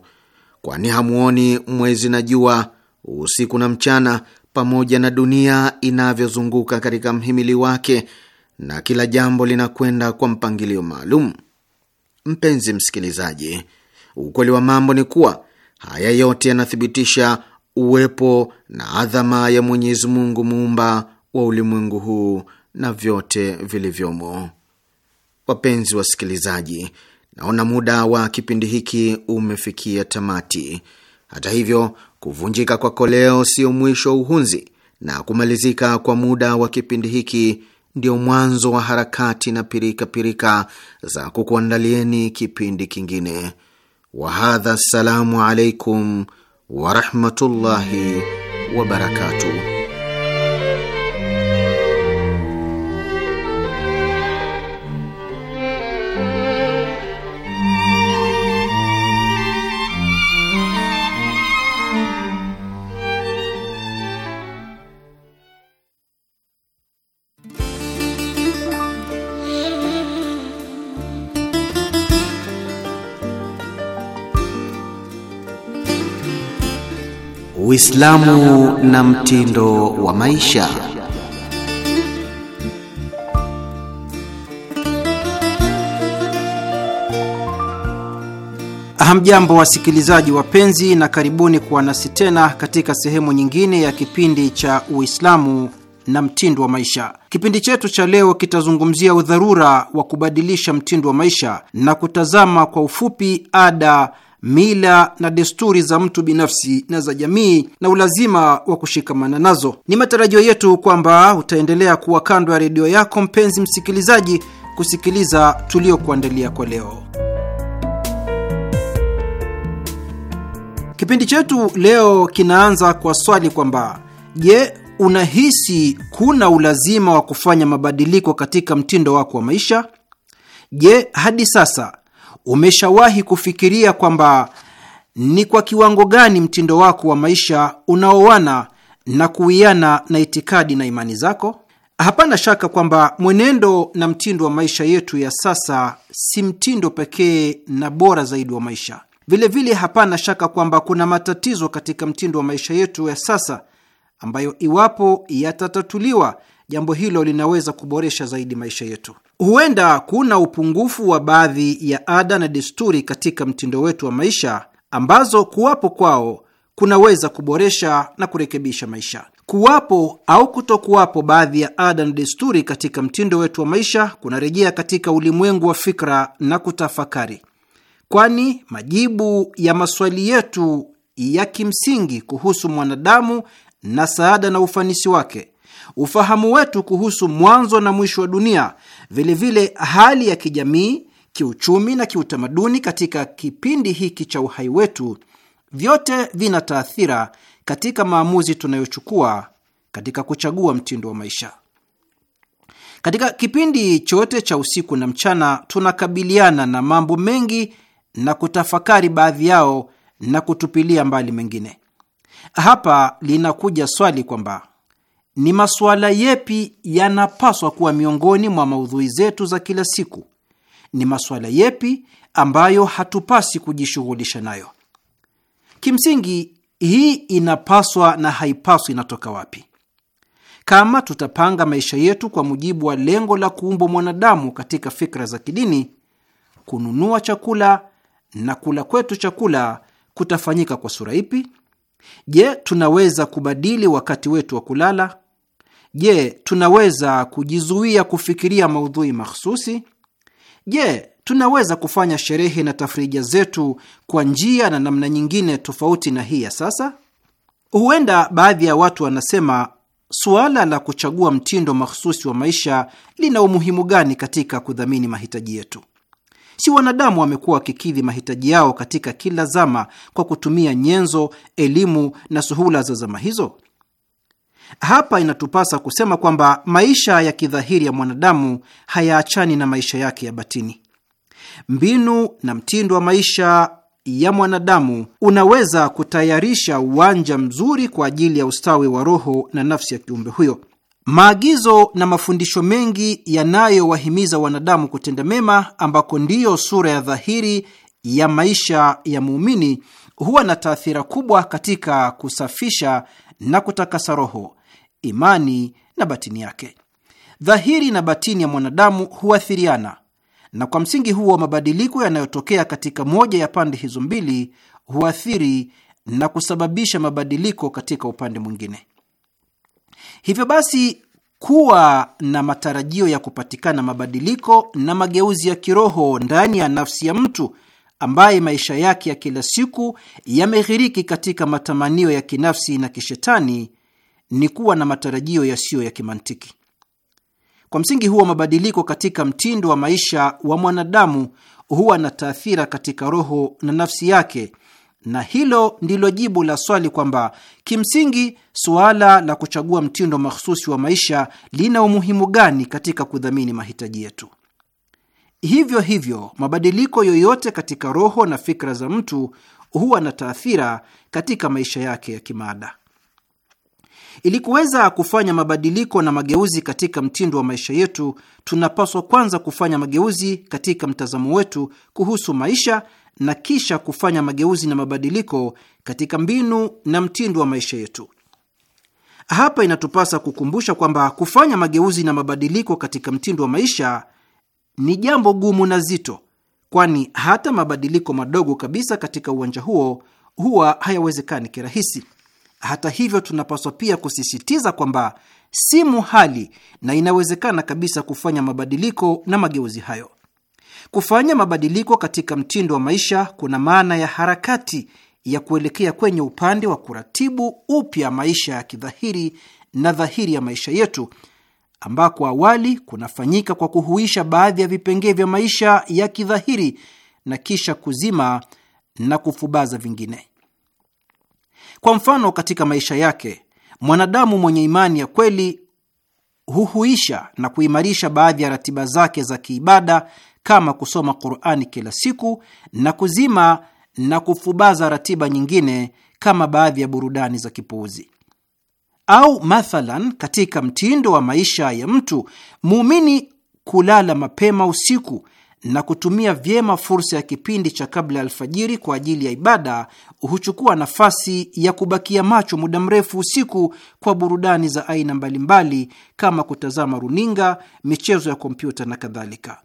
kwani hamuoni mwezi na jua usiku na mchana, pamoja na dunia inavyozunguka katika mhimili wake, na kila jambo linakwenda kwa mpangilio maalum. Mpenzi msikilizaji, ukweli wa mambo ni kuwa haya yote yanathibitisha uwepo na adhama ya Mwenyezi Mungu muumba wa ulimwengu huu na vyote vilivyomo. Wapenzi wasikilizaji, naona muda wa kipindi hiki umefikia tamati. Hata hivyo, Kuvunjika kwako leo sio mwisho wa uhunzi, na kumalizika kwa muda wa kipindi hiki ndio mwanzo wa harakati na pirikapirika pirika za kukuandalieni kipindi kingine. Wahadha, assalamu alaikum warahmatullahi wabarakatuh. Uislamu na mtindo wa maisha. Hamjambo wasikilizaji wapenzi, na karibuni kuwa nasi tena katika sehemu nyingine ya kipindi cha Uislamu na mtindo wa maisha. Kipindi chetu cha leo kitazungumzia udharura wa kubadilisha mtindo wa maisha na kutazama kwa ufupi ada mila na desturi za mtu binafsi na za jamii na ulazima wa kushikamana nazo. Ni matarajio yetu kwamba utaendelea kuwa kando ya redio yako mpenzi msikilizaji, kusikiliza tuliokuandalia kwa leo. Kipindi chetu leo kinaanza kwa swali kwamba je, unahisi kuna ulazima wa kufanya mabadiliko katika mtindo wako wa maisha? Je, hadi sasa Umeshawahi kufikiria kwamba ni kwa kiwango gani mtindo wako wa maisha unaoana na kuwiana na itikadi na imani zako? Hapana shaka kwamba mwenendo na mtindo wa maisha yetu ya sasa si mtindo pekee na bora zaidi wa maisha. Vilevile vile hapana shaka kwamba kuna matatizo katika mtindo wa maisha yetu ya sasa ambayo iwapo yatatatuliwa, jambo hilo linaweza kuboresha zaidi maisha yetu. Huenda kuna upungufu wa baadhi ya ada na desturi katika mtindo wetu wa maisha ambazo kuwapo kwao kunaweza kuboresha na kurekebisha maisha. Kuwapo au kutokuwapo baadhi ya ada na desturi katika mtindo wetu wa maisha kunarejea katika ulimwengu wa fikra na kutafakari, kwani majibu ya maswali yetu ya kimsingi kuhusu mwanadamu na saada na ufanisi wake ufahamu wetu kuhusu mwanzo na mwisho wa dunia, vilevile vile hali ya kijamii, kiuchumi na kiutamaduni katika kipindi hiki cha uhai wetu, vyote vina taathira katika maamuzi tunayochukua katika kuchagua mtindo wa maisha. Katika kipindi chote cha usiku na mchana, tunakabiliana na mambo mengi na kutafakari baadhi yao na kutupilia mbali mengine. Hapa linakuja swali kwamba ni masuala yepi yanapaswa kuwa miongoni mwa maudhui zetu za kila siku? Ni masuala yepi ambayo hatupasi kujishughulisha nayo? Kimsingi, hii inapaswa na haipaswi inatoka wapi? Kama tutapanga maisha yetu kwa mujibu wa lengo la kuumbwa mwanadamu katika fikra za kidini, kununua chakula na kula kwetu chakula kutafanyika kwa sura ipi? Je, tunaweza kubadili wakati wetu wa kulala, Je, tunaweza kujizuia kufikiria maudhui mahsusi? Je, tunaweza kufanya sherehe na tafrija zetu kwa njia na namna nyingine tofauti na hii ya sasa? Huenda baadhi ya watu wanasema suala la kuchagua mtindo mahsusi wa maisha lina umuhimu gani katika kudhamini mahitaji yetu? Si wanadamu wamekuwa wakikidhi mahitaji yao katika kila zama kwa kutumia nyenzo, elimu na suhula za zama hizo? Hapa inatupasa kusema kwamba maisha ya kidhahiri ya mwanadamu hayaachani na maisha yake ya batini. Mbinu na mtindo wa maisha ya mwanadamu unaweza kutayarisha uwanja mzuri kwa ajili ya ustawi wa roho na nafsi ya kiumbe huyo. Maagizo na mafundisho mengi yanayowahimiza wanadamu kutenda mema, ambako ndiyo sura ya dhahiri ya maisha ya muumini, huwa na taathira kubwa katika kusafisha na kutakasa roho imani na batini yake. Dhahiri na batini ya mwanadamu huathiriana, na kwa msingi huo mabadiliko yanayotokea katika moja ya pande hizo mbili huathiri na kusababisha mabadiliko katika upande mwingine. Hivyo basi, kuwa na matarajio ya kupatikana mabadiliko na mageuzi ya kiroho ndani ya nafsi ya mtu ambaye maisha yake ya kila siku yameghiriki katika matamanio ya kinafsi na kishetani ni kuwa na matarajio yasiyo ya kimantiki. Kwa msingi huo, mabadiliko katika mtindo wa maisha wa mwanadamu huwa na taathira katika roho na nafsi yake, na hilo ndilo jibu la swali kwamba kimsingi suala la kuchagua mtindo mahsusi wa maisha lina umuhimu gani katika kudhamini mahitaji yetu. Hivyo hivyo, mabadiliko yoyote katika roho na fikra za mtu huwa na taathira katika maisha yake ya kimaada. Ili kuweza kufanya mabadiliko na mageuzi katika mtindo wa maisha yetu, tunapaswa kwanza kufanya mageuzi katika mtazamo wetu kuhusu maisha na kisha kufanya mageuzi na mabadiliko katika mbinu na mtindo wa maisha yetu. Hapa inatupasa kukumbusha kwamba kufanya mageuzi na mabadiliko katika mtindo wa maisha ni jambo gumu na zito, kwani hata mabadiliko madogo kabisa katika uwanja huo huwa hayawezekani kirahisi. Hata hivyo, tunapaswa pia kusisitiza kwamba si muhali na inawezekana kabisa kufanya mabadiliko na mageuzi hayo. Kufanya mabadiliko katika mtindo wa maisha kuna maana ya harakati ya kuelekea kwenye upande wa kuratibu upya maisha ya kidhahiri na dhahiri ya maisha yetu, ambako awali kunafanyika kwa kuhuisha baadhi ya vipengee vya maisha ya kidhahiri na kisha kuzima na kufubaza vingine. Kwa mfano, katika maisha yake mwanadamu mwenye imani ya kweli huhuisha na kuimarisha baadhi ya ratiba zake za kiibada kama kusoma Qur'ani kila siku na kuzima na kufubaza ratiba nyingine kama baadhi ya burudani za kipuuzi. Au mathalan, katika mtindo wa maisha ya mtu muumini kulala mapema usiku na kutumia vyema fursa ya kipindi cha kabla ya alfajiri kwa ajili ya ibada huchukua nafasi ya kubakia macho muda mrefu usiku kwa burudani za aina mbalimbali kama kutazama runinga, michezo ya kompyuta na kadhalika.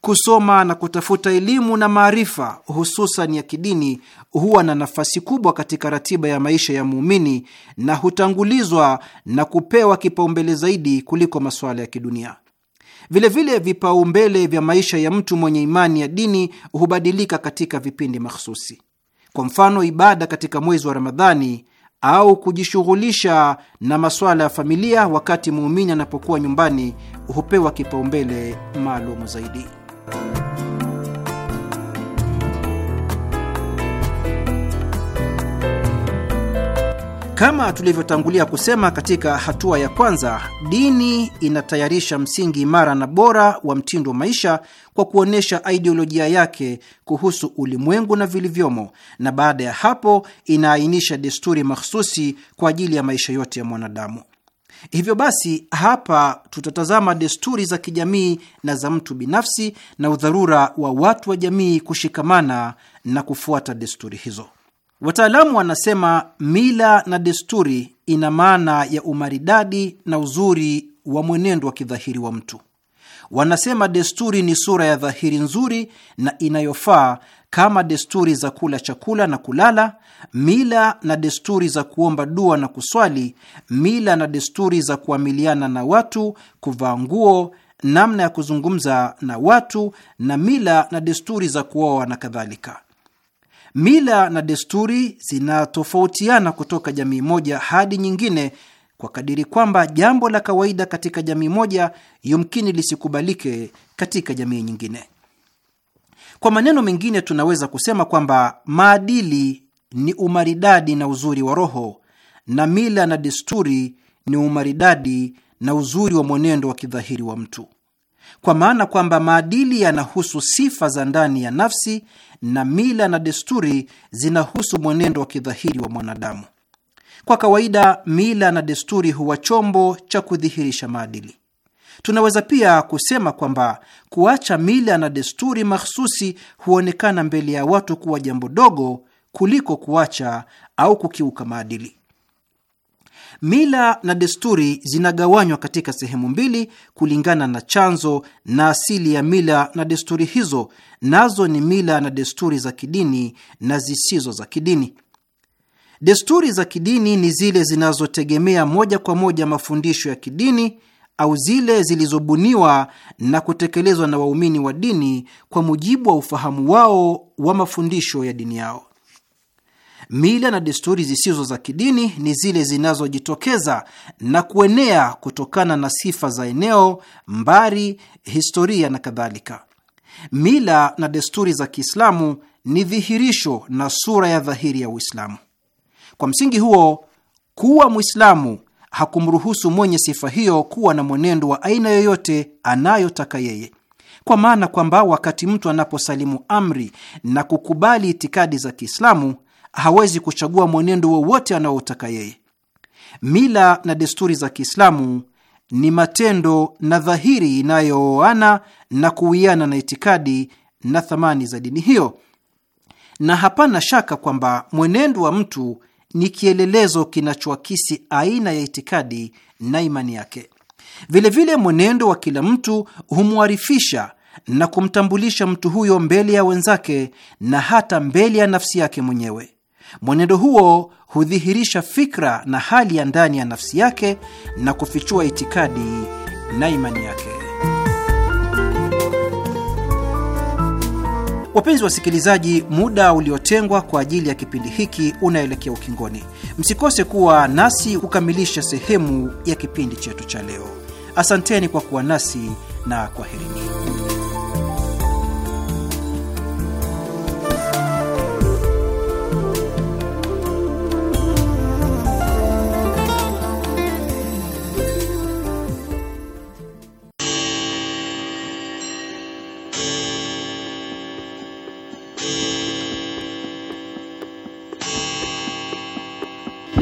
Kusoma na kutafuta elimu na maarifa, hususan ya kidini, huwa na nafasi kubwa katika ratiba ya maisha ya muumini na hutangulizwa na kupewa kipaumbele zaidi kuliko masuala ya kidunia. Vilevile vipaumbele vya maisha ya mtu mwenye imani ya dini hubadilika katika vipindi mahsusi. Kwa mfano, ibada katika mwezi wa Ramadhani au kujishughulisha na masuala ya familia wakati muumini anapokuwa nyumbani hupewa kipaumbele maalumu zaidi. Kama tulivyotangulia kusema katika hatua ya kwanza, dini inatayarisha msingi imara na bora wa mtindo wa maisha kwa kuonyesha idiolojia yake kuhusu ulimwengu na vilivyomo, na baada ya hapo inaainisha desturi mahsusi kwa ajili ya maisha yote ya mwanadamu. Hivyo basi, hapa tutatazama desturi za kijamii na za mtu binafsi na udharura wa watu wa jamii kushikamana na kufuata desturi hizo. Wataalamu wanasema mila na desturi ina maana ya umaridadi na uzuri wa mwenendo wa kidhahiri wa mtu. Wanasema desturi ni sura ya dhahiri nzuri na inayofaa, kama desturi za kula chakula na kulala, mila na desturi za kuomba dua na kuswali, mila na desturi za kuamiliana na watu, kuvaa nguo, namna ya kuzungumza na watu, na mila na desturi za kuoa na kadhalika. Mila na desturi zinatofautiana kutoka jamii moja hadi nyingine kwa kadiri kwamba jambo la kawaida katika jamii moja yumkini lisikubalike katika jamii nyingine. Kwa maneno mengine, tunaweza kusema kwamba maadili ni umaridadi na uzuri wa roho na mila na desturi ni umaridadi na uzuri wa mwenendo wa kidhahiri wa mtu, kwa maana kwamba maadili yanahusu sifa za ndani ya nafsi na mila na desturi zinahusu mwenendo wa kidhahiri wa mwanadamu. Kwa kawaida, mila na desturi huwa chombo cha kudhihirisha maadili. Tunaweza pia kusema kwamba kuacha mila na desturi mahsusi huonekana mbele ya watu kuwa jambo dogo kuliko kuacha au kukiuka maadili. Mila na desturi zinagawanywa katika sehemu mbili kulingana na chanzo na asili ya mila na desturi hizo, nazo ni mila na desturi za kidini na zisizo za kidini. Desturi za kidini ni zile zinazotegemea moja kwa moja mafundisho ya kidini au zile zilizobuniwa na kutekelezwa na waumini wa dini kwa mujibu wa ufahamu wao wa mafundisho ya dini yao. Mila na desturi zisizo za kidini ni zile zinazojitokeza na kuenea kutokana na sifa za eneo, mbari, historia na kadhalika. Mila na desturi za Kiislamu ni dhihirisho na sura ya dhahiri ya Uislamu. Kwa msingi huo, kuwa Mwislamu hakumruhusu mwenye sifa hiyo kuwa na mwenendo wa aina yoyote anayotaka yeye, kwa maana kwamba wakati mtu anaposalimu amri na kukubali itikadi za Kiislamu hawezi kuchagua mwenendo wowote anaotaka yeye. Mila na desturi za Kiislamu ni matendo na dhahiri inayooana na kuwiana na itikadi na thamani za dini hiyo, na hapana shaka kwamba mwenendo wa mtu ni kielelezo kinachoakisi aina ya itikadi na imani yake. Vilevile, mwenendo wa kila mtu humwarifisha na kumtambulisha mtu huyo mbele ya wenzake na hata mbele ya nafsi yake mwenyewe. Mwenendo huo hudhihirisha fikra na hali ya ndani ya nafsi yake na kufichua itikadi na imani yake. Wapenzi wasikilizaji, muda uliotengwa kwa ajili ya kipindi hiki unaelekea ukingoni. Msikose kuwa nasi kukamilisha sehemu ya kipindi chetu cha leo. Asanteni kwa kuwa nasi na kwaherini.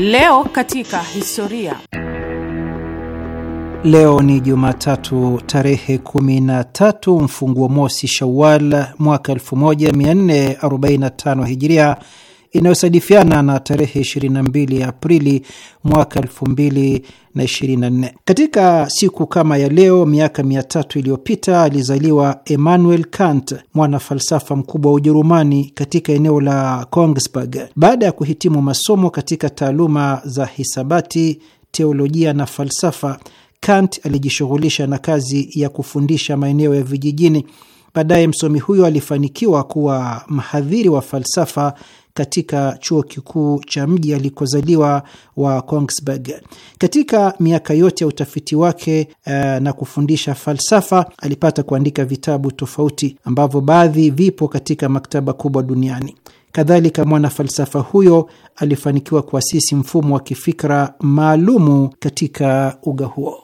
Leo katika historia. Leo ni Jumatatu tarehe 13 mfunguo mosi Shawal mwaka 1445 Hijiria, inayosadifiana na tarehe 22 Aprili mwaka 2024. Katika siku kama ya leo miaka mia tatu iliyopita alizaliwa Emmanuel Kant, mwanafalsafa mkubwa wa Ujerumani, katika eneo la Kongsberg. Baada ya kuhitimu masomo katika taaluma za hisabati, teolojia na falsafa, Kant alijishughulisha na kazi ya kufundisha maeneo ya vijijini Baadaye msomi huyo alifanikiwa kuwa mhadhiri wa falsafa katika chuo kikuu cha mji alikozaliwa wa Kongsberg. Katika miaka yote ya utafiti wake uh, na kufundisha falsafa, alipata kuandika vitabu tofauti ambavyo baadhi vipo katika maktaba kubwa duniani. Kadhalika, mwanafalsafa huyo alifanikiwa kuasisi mfumo wa kifikra maalumu katika uga huo.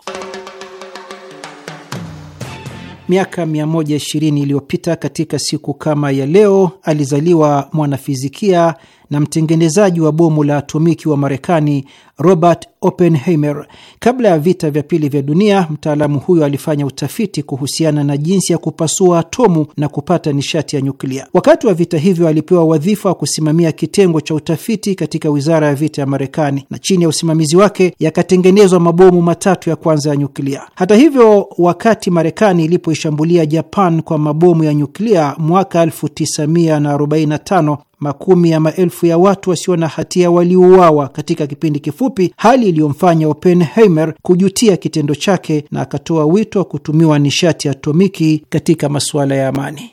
Miaka 120 iliyopita katika siku kama ya leo alizaliwa mwanafizikia na mtengenezaji wa bomu la atomiki wa Marekani Robert Oppenheimer. Kabla ya vita vya pili vya dunia, mtaalamu huyo alifanya utafiti kuhusiana na jinsi ya kupasua atomu na kupata nishati ya nyuklia. Wakati wa vita hivyo, alipewa wadhifa wa kusimamia kitengo cha utafiti katika wizara ya vita ya Marekani, na chini ya usimamizi wake yakatengenezwa mabomu matatu ya kwanza ya nyuklia. Hata hivyo, wakati Marekani ilipoishambulia Japan kwa mabomu ya nyuklia mwaka 1945 makumi ya maelfu ya watu wasio na hatia waliuawa katika kipindi kifupi, hali iliyomfanya Oppenheimer kujutia kitendo chake na akatoa wito wa kutumiwa nishati atomiki katika masuala ya amani.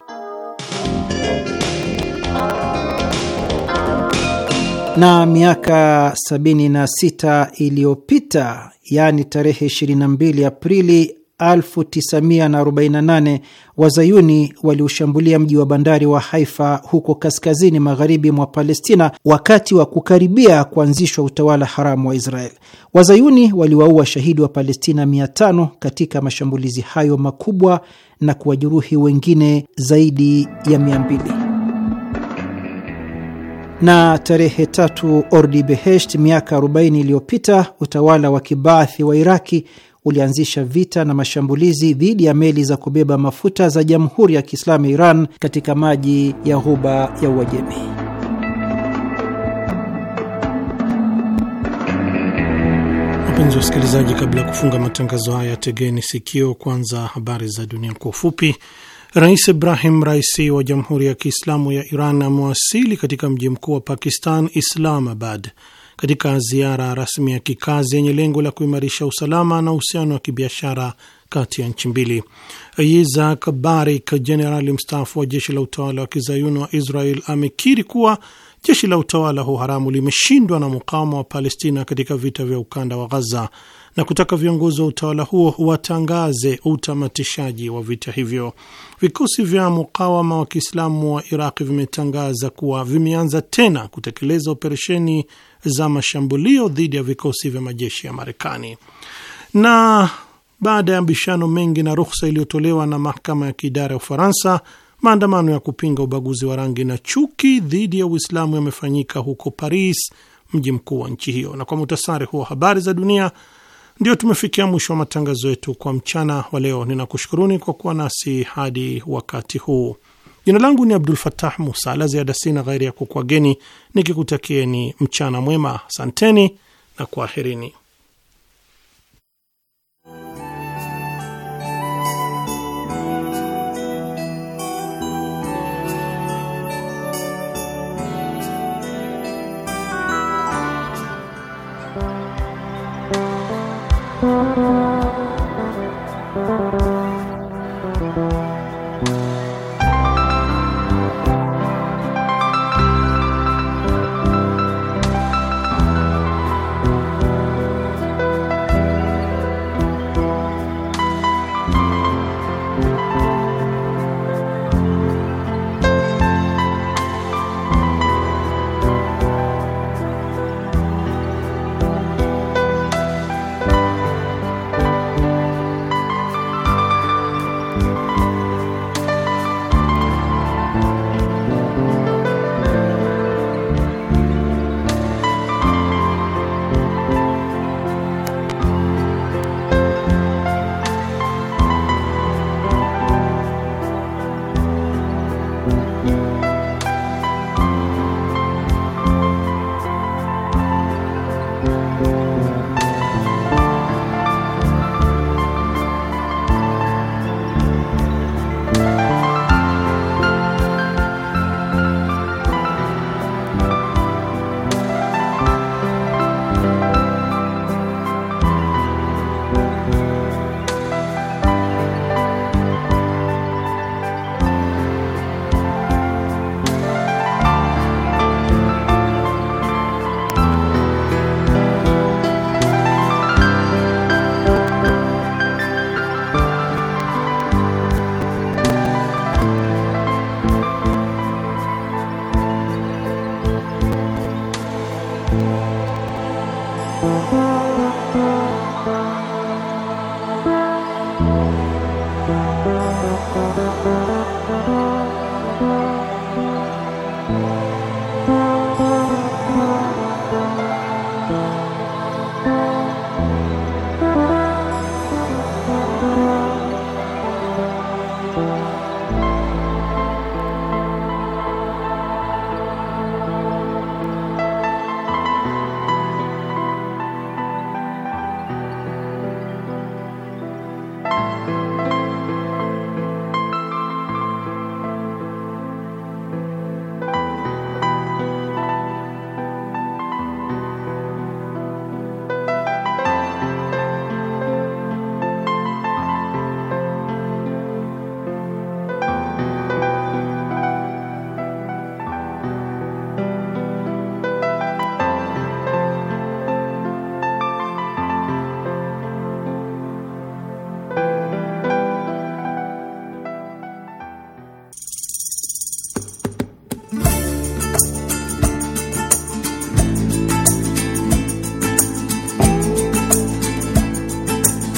Na miaka 76 iliyopita, yaani tarehe 22 Aprili 1948 wazayuni waliushambulia mji wa bandari wa Haifa huko kaskazini magharibi mwa Palestina wakati wa kukaribia kuanzishwa utawala haramu wa Israel. Wazayuni waliwaua shahidi wa Palestina 500 katika mashambulizi hayo makubwa na kuwajeruhi wengine zaidi ya 200 na tarehe tatu Ordi Behesht miaka 40 iliyopita utawala wa kibaathi wa Iraki ulianzisha vita na mashambulizi dhidi ya meli za kubeba mafuta za Jamhuri ya Kiislamu ya Iran katika maji ya Ghuba ya Uajemi. Wapenzi wasikilizaji, kabla ya kufunga matangazo haya, tegeni sikio kwanza habari za dunia kwa ufupi. Rais Ibrahim Raisi wa Jamhuri ya Kiislamu ya Iran amewasili katika mji mkuu wa Pakistan, Islamabad, katika ziara rasmi ya kikazi yenye lengo la kuimarisha usalama na uhusiano wa kibiashara kati ya nchi mbili. Yitzhak Barik, jenerali mstaafu wa jeshi la utawala wa kizayuni wa Israel, amekiri kuwa jeshi la utawala huu haramu limeshindwa na mukawama wa Palestina katika vita vya ukanda wa Ghaza na kutaka viongozi wa utawala huo watangaze utamatishaji wa vita hivyo. Vikosi vya mukawama wa Kiislamu wa Iraq vimetangaza kuwa vimeanza tena kutekeleza operesheni za mashambulio dhidi ya vikosi vya majeshi ya Marekani na baada ya mbishano mengi na ruhusa iliyotolewa na mahakama ya kiidara ya Ufaransa, maandamano ya kupinga ubaguzi wa rangi na chuki dhidi ya Uislamu yamefanyika huko Paris, mji mkuu wa nchi hiyo. Na kwa muhtasari huo habari za dunia, ndio tumefikia mwisho wa matangazo yetu kwa mchana wa leo. Ninakushukuruni kwa kuwa nasi hadi wakati huu. Jina langu ni Abdul Fatah Musa. La ziada sina ghairi ya kukwageni nikikutakieni mchana mwema. Asanteni na kwaherini.